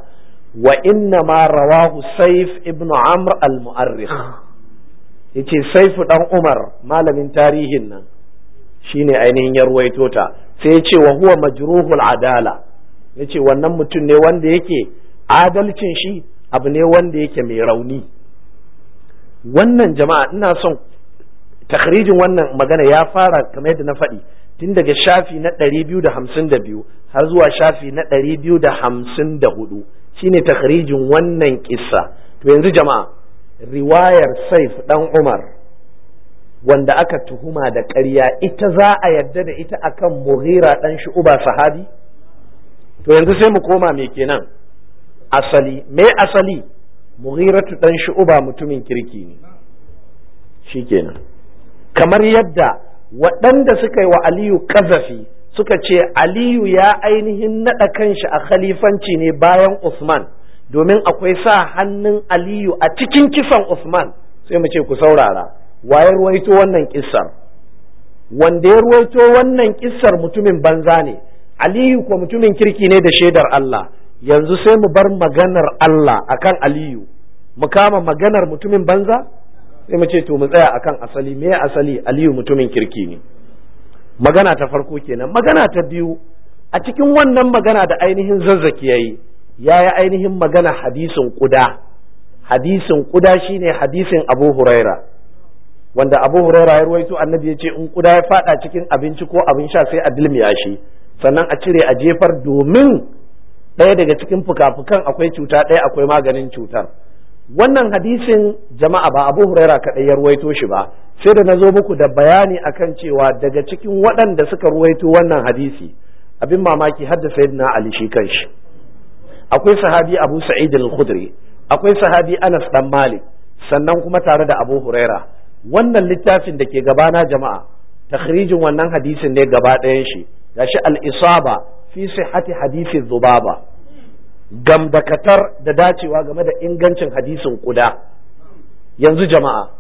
wa inna ma rawahu saif ibn amr al-mu'arrikh yace saif dan umar malamin tarihin nan shine ainihin ya ruwaito ta sai yace wa huwa majruhul adala yace wannan mutum ne wanda yake adalcin shi abu ne wanda yake mai rauni wannan jama'a ina son takhrijin wannan magana ya fara kamar yadda na faɗi tun daga shafi na 252 har zuwa shafi na 254 shine takarijin wannan kissa to yanzu jama'a riwayar saif dan umar wanda aka tuhuma da ƙarya ita za a yadda da ita akan mughira dan shu'uba sahabi to yanzu sai mu koma me kenan asali me asali mughiratu dan shu'uba mutumin kirki ne shikenan kamar yadda waɗanda suka yi wa aliyu kazafi suka ce aliyu ya ainihin naɗa kanshi a khalifanci ne bayan usman domin akwai sa hannun aliyu a cikin kisan usman sai mu ce ku saurara waye ruwaito wannan kissar wanda ya ruwaito wannan kissar mutumin banza ne aliyu ko mutumin kirki ne da shaidar allah yanzu sai mu bar maganar allah akan aliyu mu kama maganar mutumin banza sai mu ce to mu tsaya akan asali me asali aliyu mutumin kirki ne magana ta farko kenan magana ta biyu a cikin wannan magana da ainihin zazzaki yayi ya yi ainihin magana hadisin kuda hadisin kuda shine hadisin abu huraira wanda abu huraira ya ruwaito annabi ya ce in kuda ya fada cikin abinci ko abin sha sai a dilmiya shi sannan a cire a jefar domin ɗaya daga cikin fuka-fukan akwai cuta ɗaya akwai maganin cutar wannan hadisin jama'a ba abu huraira kaɗai ya ruwaito shi ba sai da na zo muku da bayani akan cewa daga cikin waɗanda suka ruwaito wannan hadisi abin mamaki hadda sayyidina ali shi kanshi akwai sahabi abu sa'id al-khudri akwai sahabi anas dan malik sannan kuma tare da abu huraira wannan littafin da ke gabana jama'a takhrijin wannan hadisin ne gaba ɗayan shi gashi al-isaba fi sihhati hadisi zubaba Gambakatar da dacewa game da ingancin hadisin kuda yanzu jama'a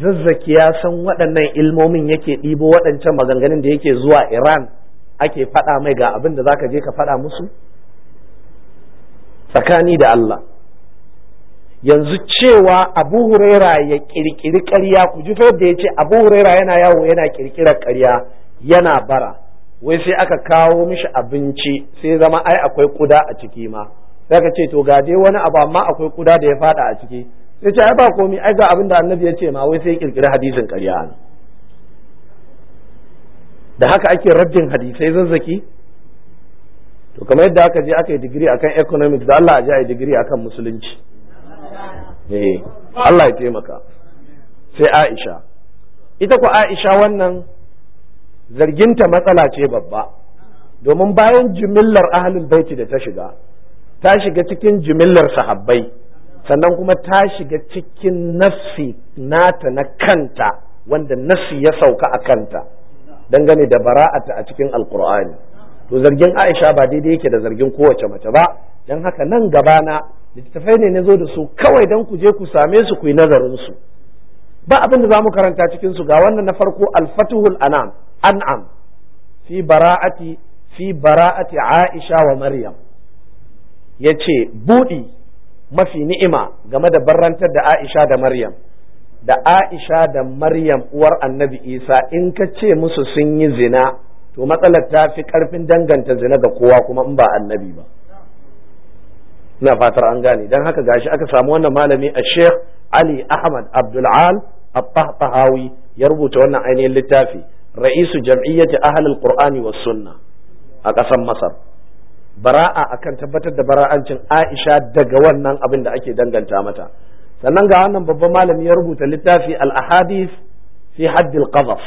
zazzaki ya san waɗannan ilmomin yake ɗibo waɗancan maganganun da yake zuwa iran ake faɗa mai ga abin da za ka je ka faɗa musu tsakani da allah yanzu cewa abu huraira ya ƙirƙiri ƙarya ku ji da ya ce abu huraira yana yawo yana ƙirƙirar ƙarya yana bara wai sai aka kawo mishi abinci sai zama ai akwai kuda a ciki ma sai ka ce to ga dai wani abu amma akwai kuda da ya fada a ciki sai ce ai ba komai ai ga abin da annabi ya ce ma wai sai ya kirkiri hadisin ƙarya da haka ake raddin hadisai zazzaki to kamar yadda aka je aka yi digiri akan economics da Allah a ji a yi digiri akan musulunci eh Allah ya taimaka sai Aisha ita ku Aisha wannan zarginta matsala ce babba domin bayan jimillar ahalin baiti da ta shiga ta shiga cikin jimillar sahabbai sannan kuma ta shiga cikin nafsi nata na kanta wanda nafsi ya sauka a kanta dangane da bara'ata a cikin alkur'ani to zargin aisha ba daidai yake da zargin kowace mace ba don haka nan gabana littattafai ne na zo da su kawai don ku je ku same su ku yi nazarin ba abin da za mu karanta cikinsu ga wannan na farko alfatuhul anam an'am fi bara'ati fi bara'ati aisha wa maryam yace budi mafi ni'ima game da barrantar da aisha da maryam da aisha da maryam uwar annabi isa in ka ce musu sun yi zina to matsalar ta fi karfin danganta zina ga kowa kuma in ba annabi ba ina fatar an gane don haka gashi aka samu wannan malami a sheikh ali ahmad abdul al ya rubuta wannan ainihin littafi ra'isu jam'iyyati ahlul qur'ani wa sunna a ƙasar masar bara'a akan tabbatar da bara'ancin aisha daga wannan abin da ake danganta mata sannan ga wannan babban malami ya rubuta littafi al'ahadis ahadith fi haddil qadhaf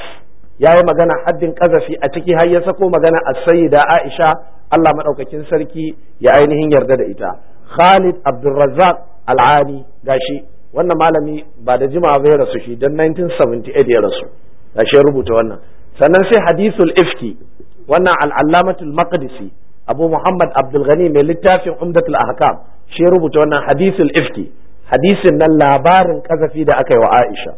yayi magana haddin ƙazafi a ciki har ya sako magana as-sayyida aisha Allah madaukakin sarki ya ainihin yarda da ita Khalid Abdulrazzaq Al-Ani gashi wannan malami ba da jimawa bai rasu shi dan 1978 ya rasu gashi ya rubuta wannan sannan sai hadisul ifki wannan al'allamatul maqdisi abu muhammad abdul mai littafin umdatul ahkam shi rubuta wannan hadisul ifki hadisin nan labarin kazafi da aka yi wa aisha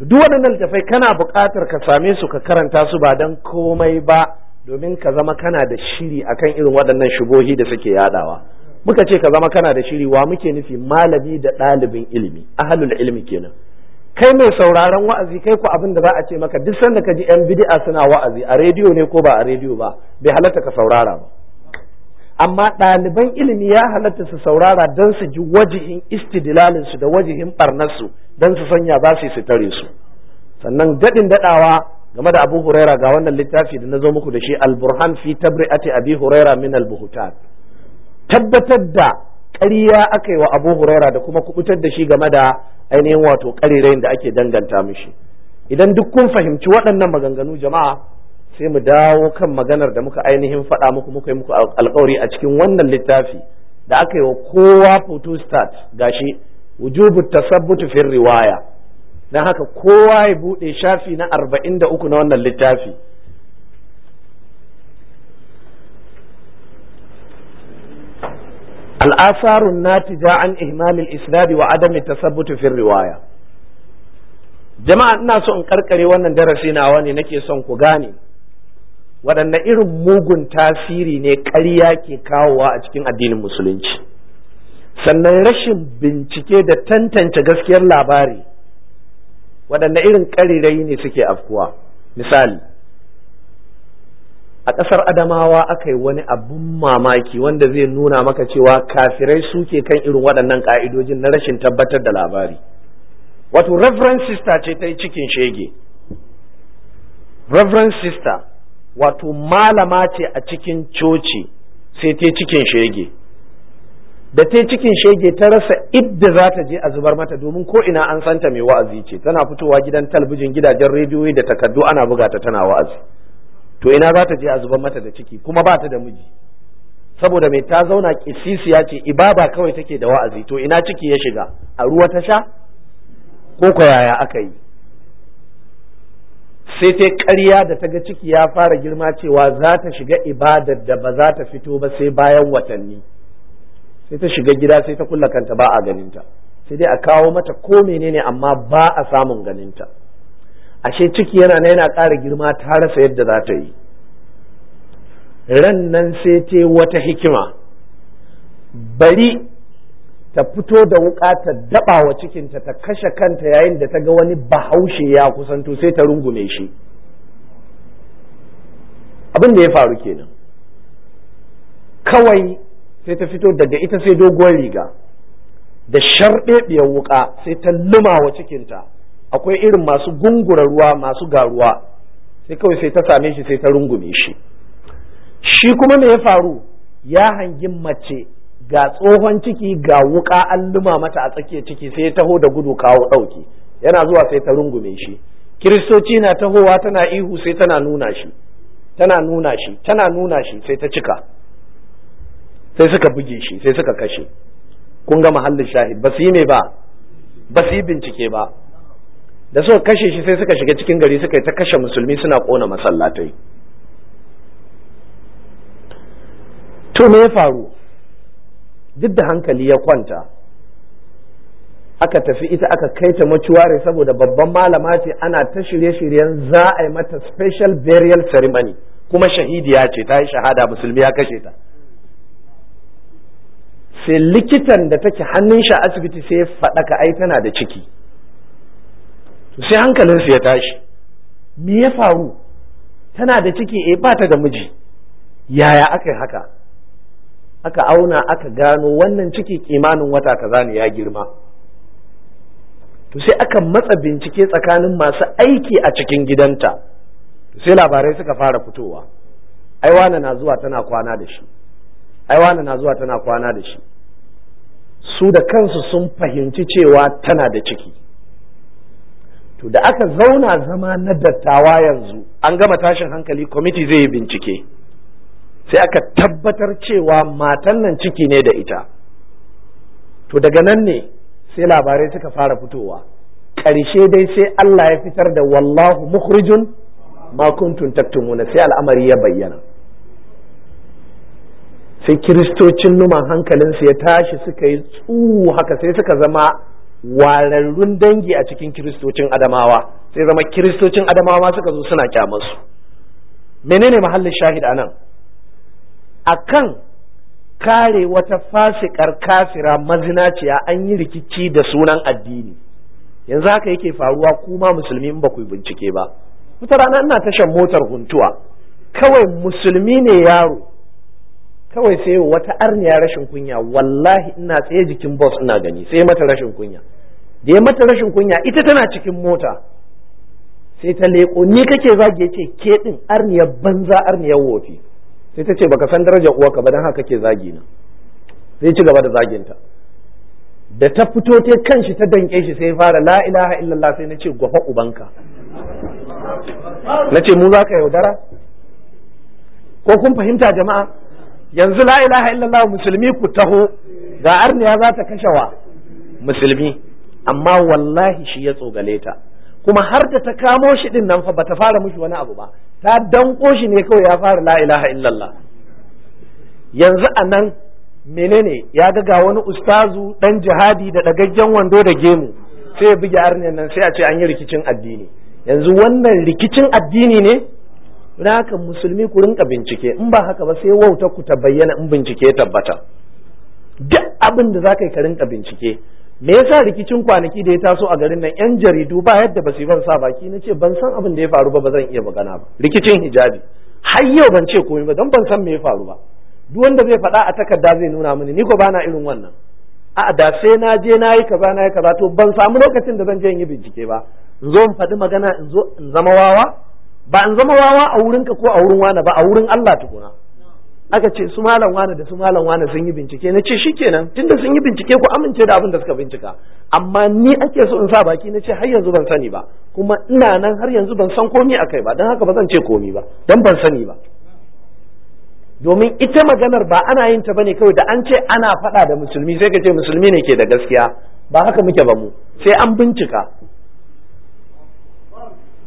to duk waɗannan littafai kana buƙatar ka same su ka karanta su ba dan komai ba domin ka zama kana da shiri akan irin waɗannan shubohi da suke yadawa muka ce ka zama kana da shiri wa muke nufi malami da ɗalibin ilimi ahlul ilmi kenan kai mai sauraron wa'azi kai ku abin da za a ce maka duk sanda ka ji yan bidi'a suna wa'azi a rediyo ne ko ba a rediyo ba bai halatta ka saurara ba amma ɗaliban ilimi ya halatta su saurara don su ji wajihin istidlalin su da wajihin barnarsu don su sanya za su tare su sannan gaɗin daɗawa game da Abu Huraira ga wannan littafi da na zo muku da shi alburhan burhan fi tabri'ati Abi Huraira min albuhutan. tabbatar da ƙarya aka yi wa Abu Huraira da kuma kubutar da shi game da ainihin wato ƙarerayin da ake danganta mishi idan duk kun fahimci waɗannan maganganu jama'a sai mu dawo kan maganar da muka ainihin faɗa muku muka yi muku alƙawari a cikin wannan littafi da aka yi wa kowa ga shi wujubu tasabbutu fil riwaya dan haka kowa ya buɗe shafi na arba'in da uku na wannan littafi الآثار الناتجة عن إهمال الإسناد وعدم التثبت في الرواية jama'a ina so in karkare wannan darasi nawa ne nake son ku gane waɗanne irin mugun tasiri ne ƙarya ke kawowa a cikin addinin musulunci sannan rashin bincike da tantance gaskiyar labari waɗanne irin ƙarirai ne suke afkuwa misali a ƙasar adamawa aka yi wani abun mamaki wanda zai nuna maka cewa kafirai suke kan irin waɗannan ƙa'idojin na rashin tabbatar da labari wato reverend sister ce ta yi cikin shege reverend sister wato malama ce a cikin coci sai ta cikin shege da ta cikin shege ta rasa idda za ta je a zubar mata domin ko ina an santa mai wa'azi ce tana fitowa gidan talabijin gidajen rediyoyi da takardu ana buga ta tana wa'azi to ina za ta je a zuban mata da ciki kuma ba ta da miji saboda mai ta zauna kisisiya ce ibaba kawai take da wa'azi to ina ciki ya shiga a ruwa ta sha ko ko aka yi sai ta ƙarya da ta ga ciki ya fara girma cewa za ta shiga ibadar da ba za ta fito ba sai bayan watanni sai ta shiga gida sai ta kulla kanta ba a ganinta sai dai a kawo mata ko menene amma ba a samun ganinta ashe ciki yana na yana ƙara girma ta rasa yadda za ta yi ran nan sai ta wata hikima bari ta fito da wuƙa ta daɓa wa cikinta ta kashe kanta yayin da ta ga wani bahaushe ya kusanto sai ta rungume shi abin da ya faru kenan kawai sai ta fito daga ita sai doguwar riga da sharɓeɓiyar wuƙa sai ta luma wa cikinta akwai irin masu gungura ruwa masu garuwa sai kawai sai ta same shi sai ta rungume shi shi kuma me ya faru ya hangi mace ga tsohon ciki ga wuka an luma mata a tsakiyar ciki sai ya taho da gudu kawo ɗauki yana zuwa sai ta rungume shi kiristoci na tahowa tana ihu sai tana nuna shi tana nuna shi tana nuna shi sai ta cika sai suka buge shi sai suka kashe kun ga mahallin shahid ba su yi ne ba ba su yi bincike ba da suka kashe shi sai suka shiga cikin gari suka yi ta kashe musulmi suna kona masallatai to me ya faru duk da hankali ya kwanta aka tafi ita aka kai ta macuware saboda babban malama ce ana ta shirye-shiryen za a yi mata special burial ceremony kuma shahidiya ce ta yi shahada musulmi ya kashe ta sai likitan da take hannun shi a asibiti sai ya faɗaka ai tana da ciki to sai hankalinsu ya tashi me ya faru tana da ciki eh ba ta da miji yaya aka yi haka aka auna aka gano wannan ciki kimanin wata kaza ne ya girma to sai aka matsa bincike tsakanin masu aiki a cikin gidanta sai labarai suka fara fitowa aiwana na zuwa tana kwana da shi aiwana na zuwa tana kwana da shi su da kansu sun fahimci cewa tana da ciki to da aka zauna zama na dattawa yanzu an gama tashin hankali kwamiti zai yi bincike sai aka tabbatar cewa matan nan ciki ne da ita to daga nan ne sai labarai suka fara fitowa ƙarshe dai sai Allah ya fitar da wallahu mukhrijun ma kuntum taktumuna sai al'amari ya bayyana sai kiristocin numan hankalinsu ya tashi suka yi tsuhu haka sai suka zama wararrun dangi a cikin kiristocin adamawa sai zama kiristocin adamawa suka zo suna kyamarsu menene mahallin shahid anan kan kare wata fasikar kafira mazinaciya an yi rikici da sunan addini yanzu haka yake faruwa kuma musulmi ba ku bincike ba wata rana ina tashan motar huntuwa kawai musulmi ne yaro kawai sai wata arniya rashin kunya wallahi ina tsaye jikin boss ina gani sai mata rashin kunya da ya mata rashin kunya ita tana cikin mota sai ta leko ni kake zagi ce ke din arniyar banza arniyar wofi sai ta ce baka san darajar ka ba dan haka kake zagi na sai ci gaba da zaginta da ta fito ta kanshi ta danke shi sai fara la ilaha illallah sai na ce gwafa ubanka na ce mu za ka yaudara ko kun fahimta jama'a yanzu la ilaha illallah musulmi ku taho ga arniya za ta kashe wa musulmi amma wallahi shi ya tsogale ta kuma har da ta kamo shi din nan fa bata fara mishi wani abu ba ta danko shi ne kawai ya fara la ilaha illallah yanzu a nan menene ya ga ga wani ustazu dan jihadi da dagaggen wando da gemu sai ya buge arniyan nan sai a ce an yi rikicin addini yanzu wannan rikicin addini ne naka musulmi ku rinka bincike in ba haka ba sai wauta ku ta bayyana in bincike ya tabbata duk abin da za ka yi ka rinka bincike me yasa rikicin kwanaki da ya taso a garin nan yan jaridu ba yadda ba su yi ban sa baki na ce ban san abin da ya faru ba ba zan iya magana ba rikicin hijabi har yau ban ce komai ba don ban san me ya faru ba duk wanda zai faɗa a takarda zai nuna mini ni ko bana irin wannan a da sai na je na yi kaza na yi kaza to ban samu lokacin da zan je in yi bincike ba in zo in faɗi magana in zo in zama wawa ba in zama wawa a wurinka ko a wurin wani ba a wurin Allah tukuna aka ce su malam wane da su malam wane sun yi bincike na ce shikenan tunda sun yi bincike ku amince da abin da suka bincika amma ni ake so in sa baki na ce har yanzu ban sani ba kuma ina nan har yanzu ban san komi akai ba don haka ba zan ce komi ba don ban sani ba domin ita maganar ba ana yin ta bane kawai da an ce ana faɗa da musulmi sai ka ce musulmi ne ke da gaskiya ba haka muke ba mu sai an bincika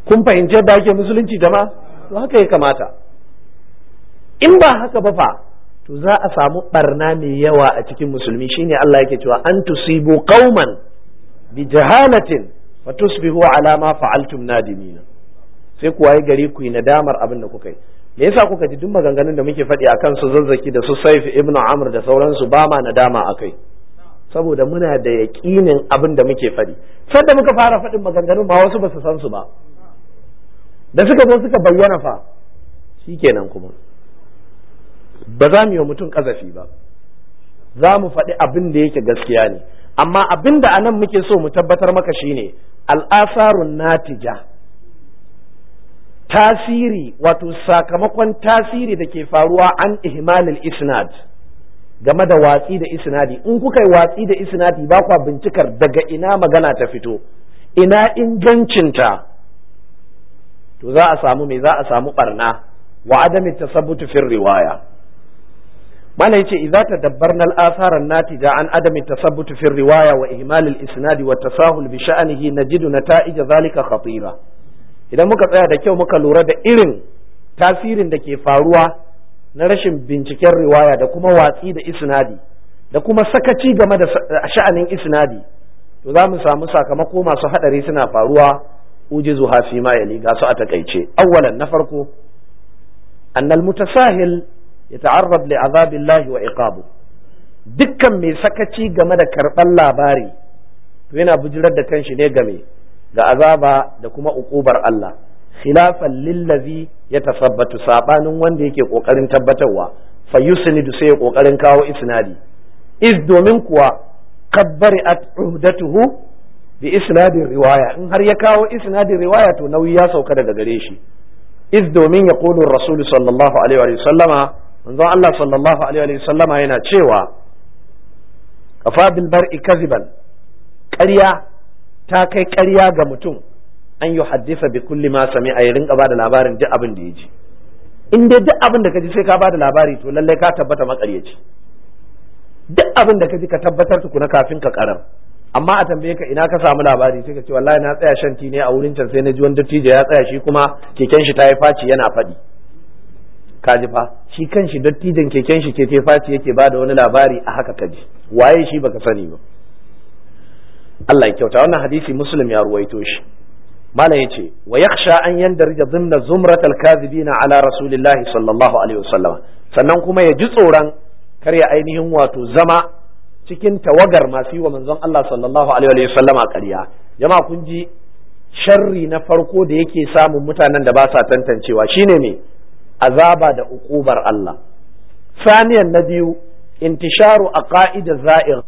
kun fahimci yadda ake musulunci jama'a to haka ya kamata in ba haka ba fa to za a samu barna mai yawa a cikin musulmi shine Allah yake cewa an tusibu qauman bi jahalatin fa tusbihu ala ma fa'altum nadimina sai ku waye gari ku yi nadamar abin da kuka yi me yasa kuka ji duk maganganun da muke faɗi akan su zazzaki da su saif ibnu amr da sauransu ba ma nadama akai saboda muna da yaƙinin abin da muke faɗi sanda muka fara faɗin maganganun ba wasu ba su san su ba da suka zo suka bayyana fa shikenan kuma ba za mu yi mutum kazafi ba za mu faɗi abin da yake gaskiya ne amma abin da anan muke so mu tabbatar maka shine al'asarun natija tasiri wato sakamakon tasiri da ke faruwa an ihmalil isnad game da watsi da isnadi in kuka yi watsi da isnadi ba kwa bincikar daga ina magana ta fito ina ingancinta to za a samu me za a samu barna wa adami tasabbutu fil riwaya malam yace idza ta al natija an adami tasabbut fi riwaya wa ihmal al-isnad wa tasahul bi sha'nihi najidu nata'ij zalika khatira idan muka tsaya da kyau muka lura da irin tasirin da ke faruwa na rashin binciken riwaya da kuma watsi da isnadi da kuma sakaci game da sha'anin isnadi to za mu samu sakamako masu hadari suna faruwa ujizu hasima ya yali ga su a takaice awwalan na farko annal mutasahil yata'arrab li azabillahi wa ikabu dukkan mai sakaci game da karɓar labari to yana bujirar da kanshi ne game ga azaba da kuma uƙubar Allah khilafan lillazi ya tasabbatu sabanin wanda yake ƙoƙarin tabbatarwa fa yusnidu sai ya ƙoƙarin kawo isnadi iz domin kuwa kabbari at uhdatuhu bi isnadin riwaya in har ya kawo isnadin riwaya to nauyi ya sauka daga gare shi iz domin ya qulu rasul sallallahu alaihi wa sallama manzon Allah sallallahu alaihi wa sallama yana cewa kafa bil bar'i kaziban ƙarya ta kai ƙarya ga mutum an yi haddisa bi kulli ma sami rinka ba da labarin duk abin da ya ji in dai duk abin da ka ji sai ka ba da labari to lallai ka tabbata makaryaci duk abin da ka ji ka tabbatar tukuna kafin ka karar amma a tambaye ka ina ka samu labari sai ka ce wallahi na tsaya shan ti ne a wurin can sai na ji wani dattijo ya tsaya shi kuma keken shi ta yi faci yana faɗi kaji fa shi kanshi dattijan keken shi keke ce yake ba da wani labari a haka kaji waye shi baka sani ba Allah ya kyauta wannan hadisi muslim ya ruwaito shi malam yace wa yakhsha an yandarja dhimna zumratal kadhibina ala rasulillahi sallallahu alaihi wasallam sannan kuma ya ji tsoron kar ya ainihin wato zama cikin tawagar masu yi wa manzon Allah sallallahu alaihi a ƙarya jama'a kun ji sharri na farko da yake samun mutanen da ba sa tantancewa shine ne azaba da uƙubar Allah saniyan na biyu intisharu a ƙa'idar za'ir